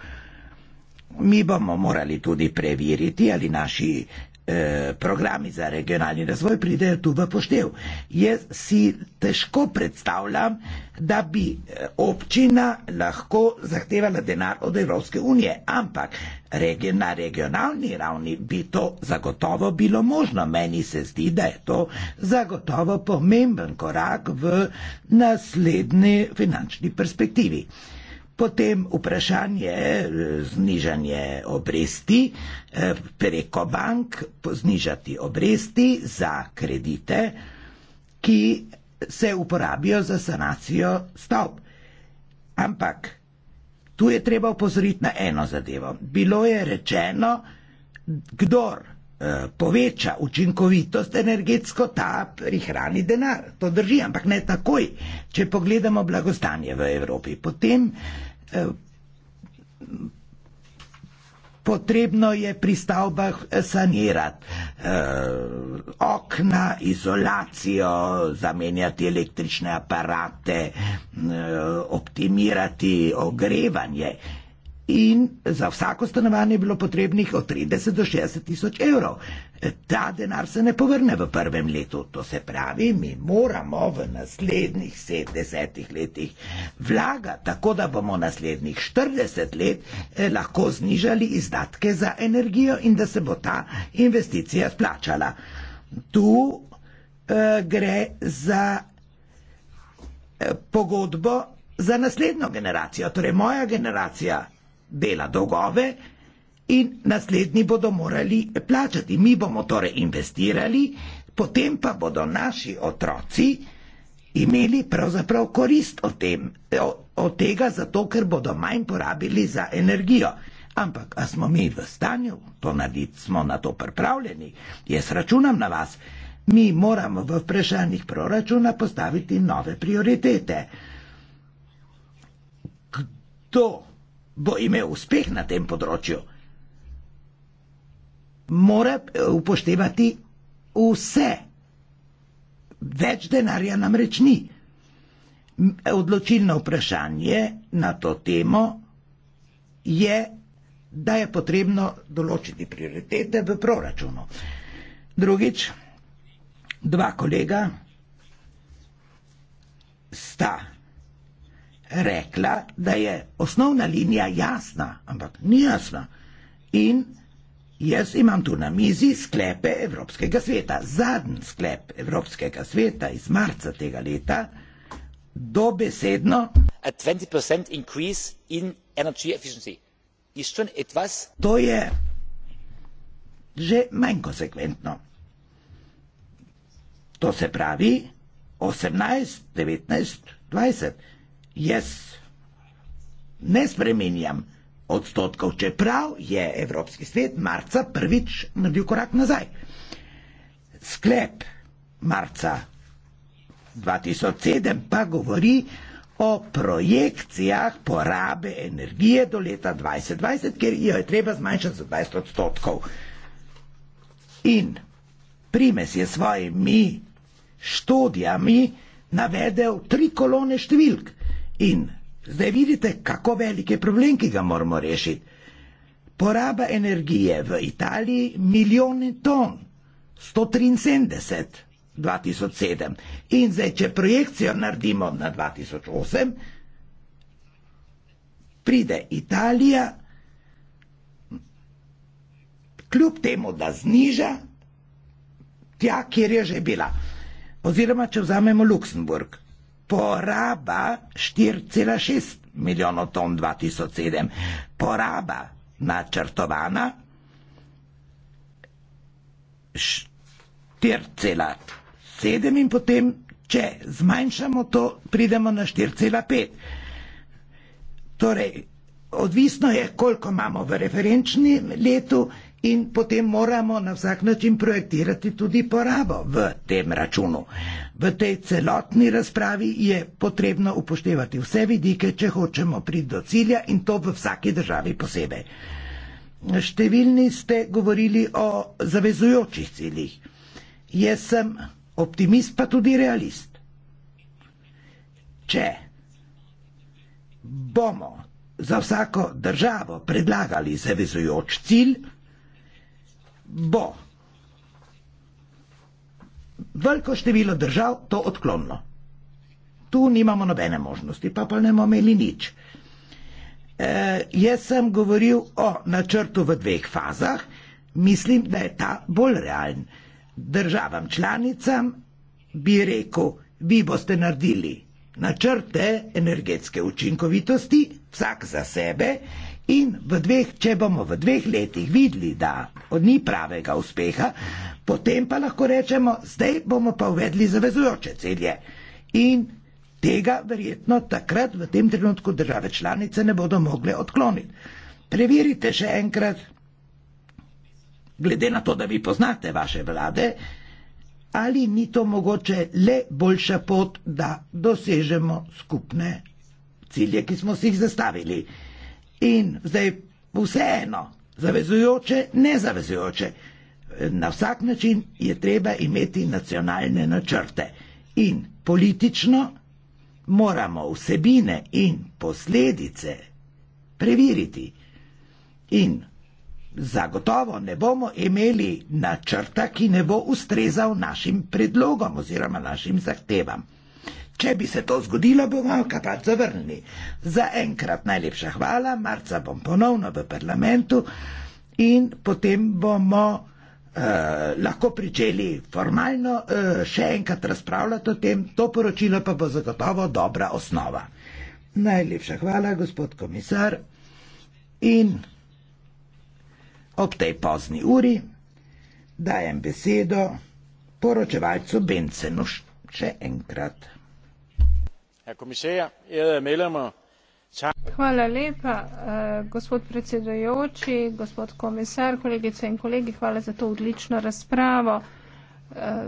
Mi bomo morali tudi preveriti, ali naši eh, programi za regionalni razvoj pridejo tu v poštev. Jaz si težko predstavljam, da bi eh, občina lahko zahtevala denar od Evropske unije, ampak regi na regionalni ravni bi to zagotovo bilo možno. Meni se zdi, da je to zagotovo pomemben korak v naslednji finančni perspektivi. Eh, Potem vprašanje eh, znižanje obresti eh, preko bank, znižati obresti za kredite, ki se uporabijo za sanacijo stavb. Ampak tu je treba upozoriti na eno zadevo. Bilo je rečeno, kdor eh, poveča učinkovitost energetsko, ta prihrani denar. To drži, ampak ne takoj. Če pogledamo blagostanje v Evropi, potem eh, Potrebno je pri stavbah eh, sanirati eh, okna, izolacijo, zamenjati električne aparate, eh, optimirati ogrevanje in za vsako stanovanje je bilo potrebnih od 30 do 60 tisoč evrov. Ta denar se ne povrne v prvem letu, to se pravi, mi moramo v naslednjih 70 letih vlaga, tako da bomo naslednjih 40 let eh, lahko znižali izdatke za energijo in da se bo ta investicija splačala. Tu eh, gre za eh, pogodbo za naslednjo generacijo, torej moja generacija dela dolgove in naslednji bodo morali plačati. Mi bomo torej investirali, potem pa bodo naši otroci imeli pravzaprav korist od, tem, od tega, zato ker bodo manj porabili za energijo. Ampak, a smo mi v stanju to narediti, smo na to pripravljeni? Jaz računam na vas. Mi moramo v vprašanjih proračuna postaviti nove prioritete. Kdo? bo imel uspeh na tem področju. Mora eh, upoštevati vse. Več denarja namreč ni. Eh, odločilno vprašanje na to temo je, da je potrebno določiti prioritete v proračunu. Drugič, dva kolega sta rekla, da je osnovna linija jasna, ampak ni jasna. In jaz imam tu na mizi sklepe Evropskega sveta. Zadnji sklep Evropskega sveta iz marca tega leta, dobesedno. To je že manj konsekventno. To se pravi 18, 19, 20. Jaz ne spremenjam odstotkov, čeprav je Evropski svet marca prvič naredil korak nazaj. Sklep marca 2007 pa govori o projekcijah porabe energije do leta 2020, ker jo je treba zmanjšati za 20 odstotkov. In primes je svojimi študijami navedel tri kolone številk. In zdaj vidite, kako velik je problem, ki ga moramo rešiti. Poraba energije v Italiji je milijone ton, 173, 2007. In zdaj, če projekcijo naredimo na 2008, pride Italija, kljub temu, da zniža tja, kjer je že bila. Oziroma, če vzamemo Luksemburg, poraba 4,6 milijonov ton 2007. Poraba načrtovana 4,7 in potem, če zmanjšamo to, pridemo na 4,5. Torej, odvisno je, koliko imamo v referenčnem letu in potem moramo na vsak način projektirati tudi porabo v tem računu. V tej celotni razpravi je potrebno upoštevati vse vidike, če hočemo priti do cilja in to v vsaki državi posebej. Številni ste govorili o zavezujočih ciljih. Jaz sem optimist, pa tudi realist. Če bomo za vsako državo predlagali zavezujoč cilj, bo veliko število držav to odklonilo. Tu nimamo nobene možnosti, pa pa ne bomo imeli nič. E, jaz sem govoril o načrtu v dveh fazah, mislim, da je ta bolj realen. Državam članicam bi rekel, vi boste naredili načrte energetske učinkovitosti, vsak za sebe, In dveh, če bomo v dveh letih videli, da ni pravega uspeha, potem pa lahko rečemo, zdaj bomo pa uvedli zavezujoče cilje. In tega verjetno takrat v tem trenutku države članice ne bodo mogle odkloniti. Preverite še enkrat, glede na to, da vi poznate vaše vlade, ali ni to mogoče le boljša pot, da dosežemo skupne cilje, ki smo si jih zastavili. In zdaj vseeno, zavezujoče, nezavezujoče, na vsak način je treba imeti nacionalne načrte. In politično moramo vsebine in posledice preveriti. In zagotovo ne bomo imeli načrta, ki ne bo ustrezal našim predlogom oziroma našim zahtevam. Če bi se to zgodilo, bomo alkapat zavrnili. Za enkrat najlepša hvala, marca bom ponovno v parlamentu in potem bomo eh, lahko pričeli formalno eh, še enkrat razpravljati o tem. To poročilo pa bo zagotovo dobra osnova. Najlepša hvala, gospod komisar. In ob tej pozni uri dajem besedo poročevalcu Bencenu še enkrat. Eh, gospod predsedujoči gospod komisar kolegice in kolegi hvala za to odlično razpravo. Eh,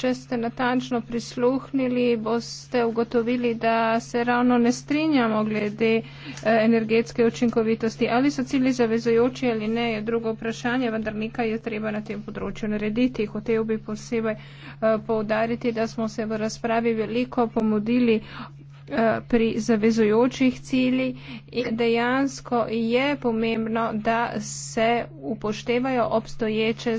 če ste natančno prisluhnili, boste ugotovili, da se ravno ne strinjamo glede eh, energetske učinkovitosti. Ali so cilji zavezojoči ali ne, je drugo vprašanje, vendar nekaj je treba na tem področju narediti. Hotev bi posebej eh, poudariti, da smo se v razpravi veliko pomodili Eh, pri zavezujočih cilji in dejansko je pomembno, da se upoštevajo obstoječe,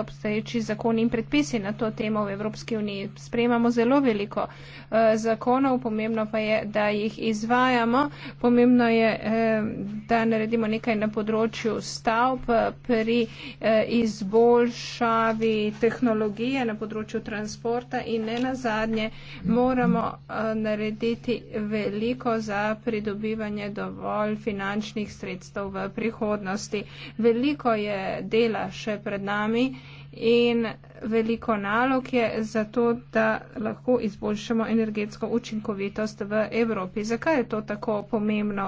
obstoječi zakoni in predpisi na to temo v Evropski uniji. Sprejemamo zelo veliko eh, zakonov, pomembno pa je, da jih izvajamo. Pomembno je, eh, da naredimo nekaj na področju stavb pri izboljšavi tehnologije na področju transporta in ne nazadnje moramo narediti narediti veliko za pridobivanje dovolj finančnih sredstev v prihodnosti. Veliko je dela še pred nami in veliko nalog je za to, da lahko izboljšamo energetsko učinkovitost v Evropi. Zakaj je to tako pomembno?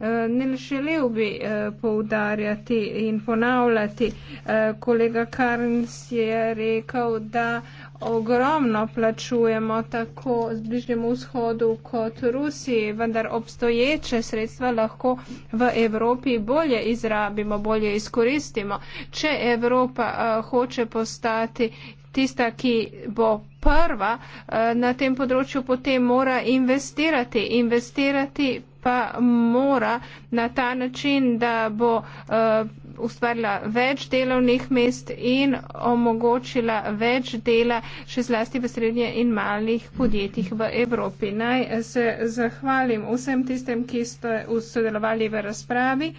E, ne želel bi e, poudarjati in ponavljati. E, kolega Karns je rekel, da ogromno plačujemo tako z bližnjemu vzhodu kot Rusiji, vendar obstoječe sredstva lahko v Evropi bolje izrabimo, bolje izkoristimo. Če Evropa uh, hoče postati tista, ki bo prva uh, na tem področju, potem mora investirati. Investirati pa mora na ta način, da bo uh, ustvarila več delovnih mest in omogočila več dela, še zlasti v srednje in malih podjetjih v Evropi. Naj se zahvalim vsem tistem, ki ste sodelovali v razpravi.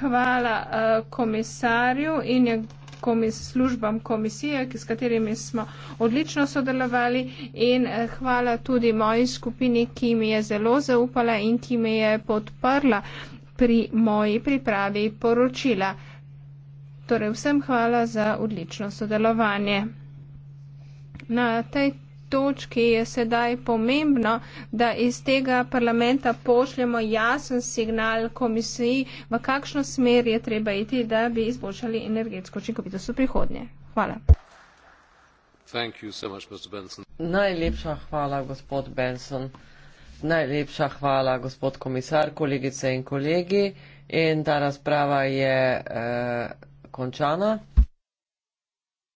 Hvala eh, komisarju in komis službam komisije, s katerimi smo odlično sodelovali in eh, hvala tudi moji skupini, ki mi je zelo zaupala in ki me je podprla pri moji pripravi poročila. Torej, vsem hvala za odlično sodelovanje. Na tej točki je sedaj pomembno, da iz tega parlamenta pošljemo jasen signal komisiji, v kakšno smer je treba iti, da bi izboljšali energetsko učinkovitost v prihodnje. Hvala. You so much, Najlepša hvala, gospod Benson. Najlepša hvala, gospod komisar, kolegice in kolegi. In ta razprava je. Uh, končana.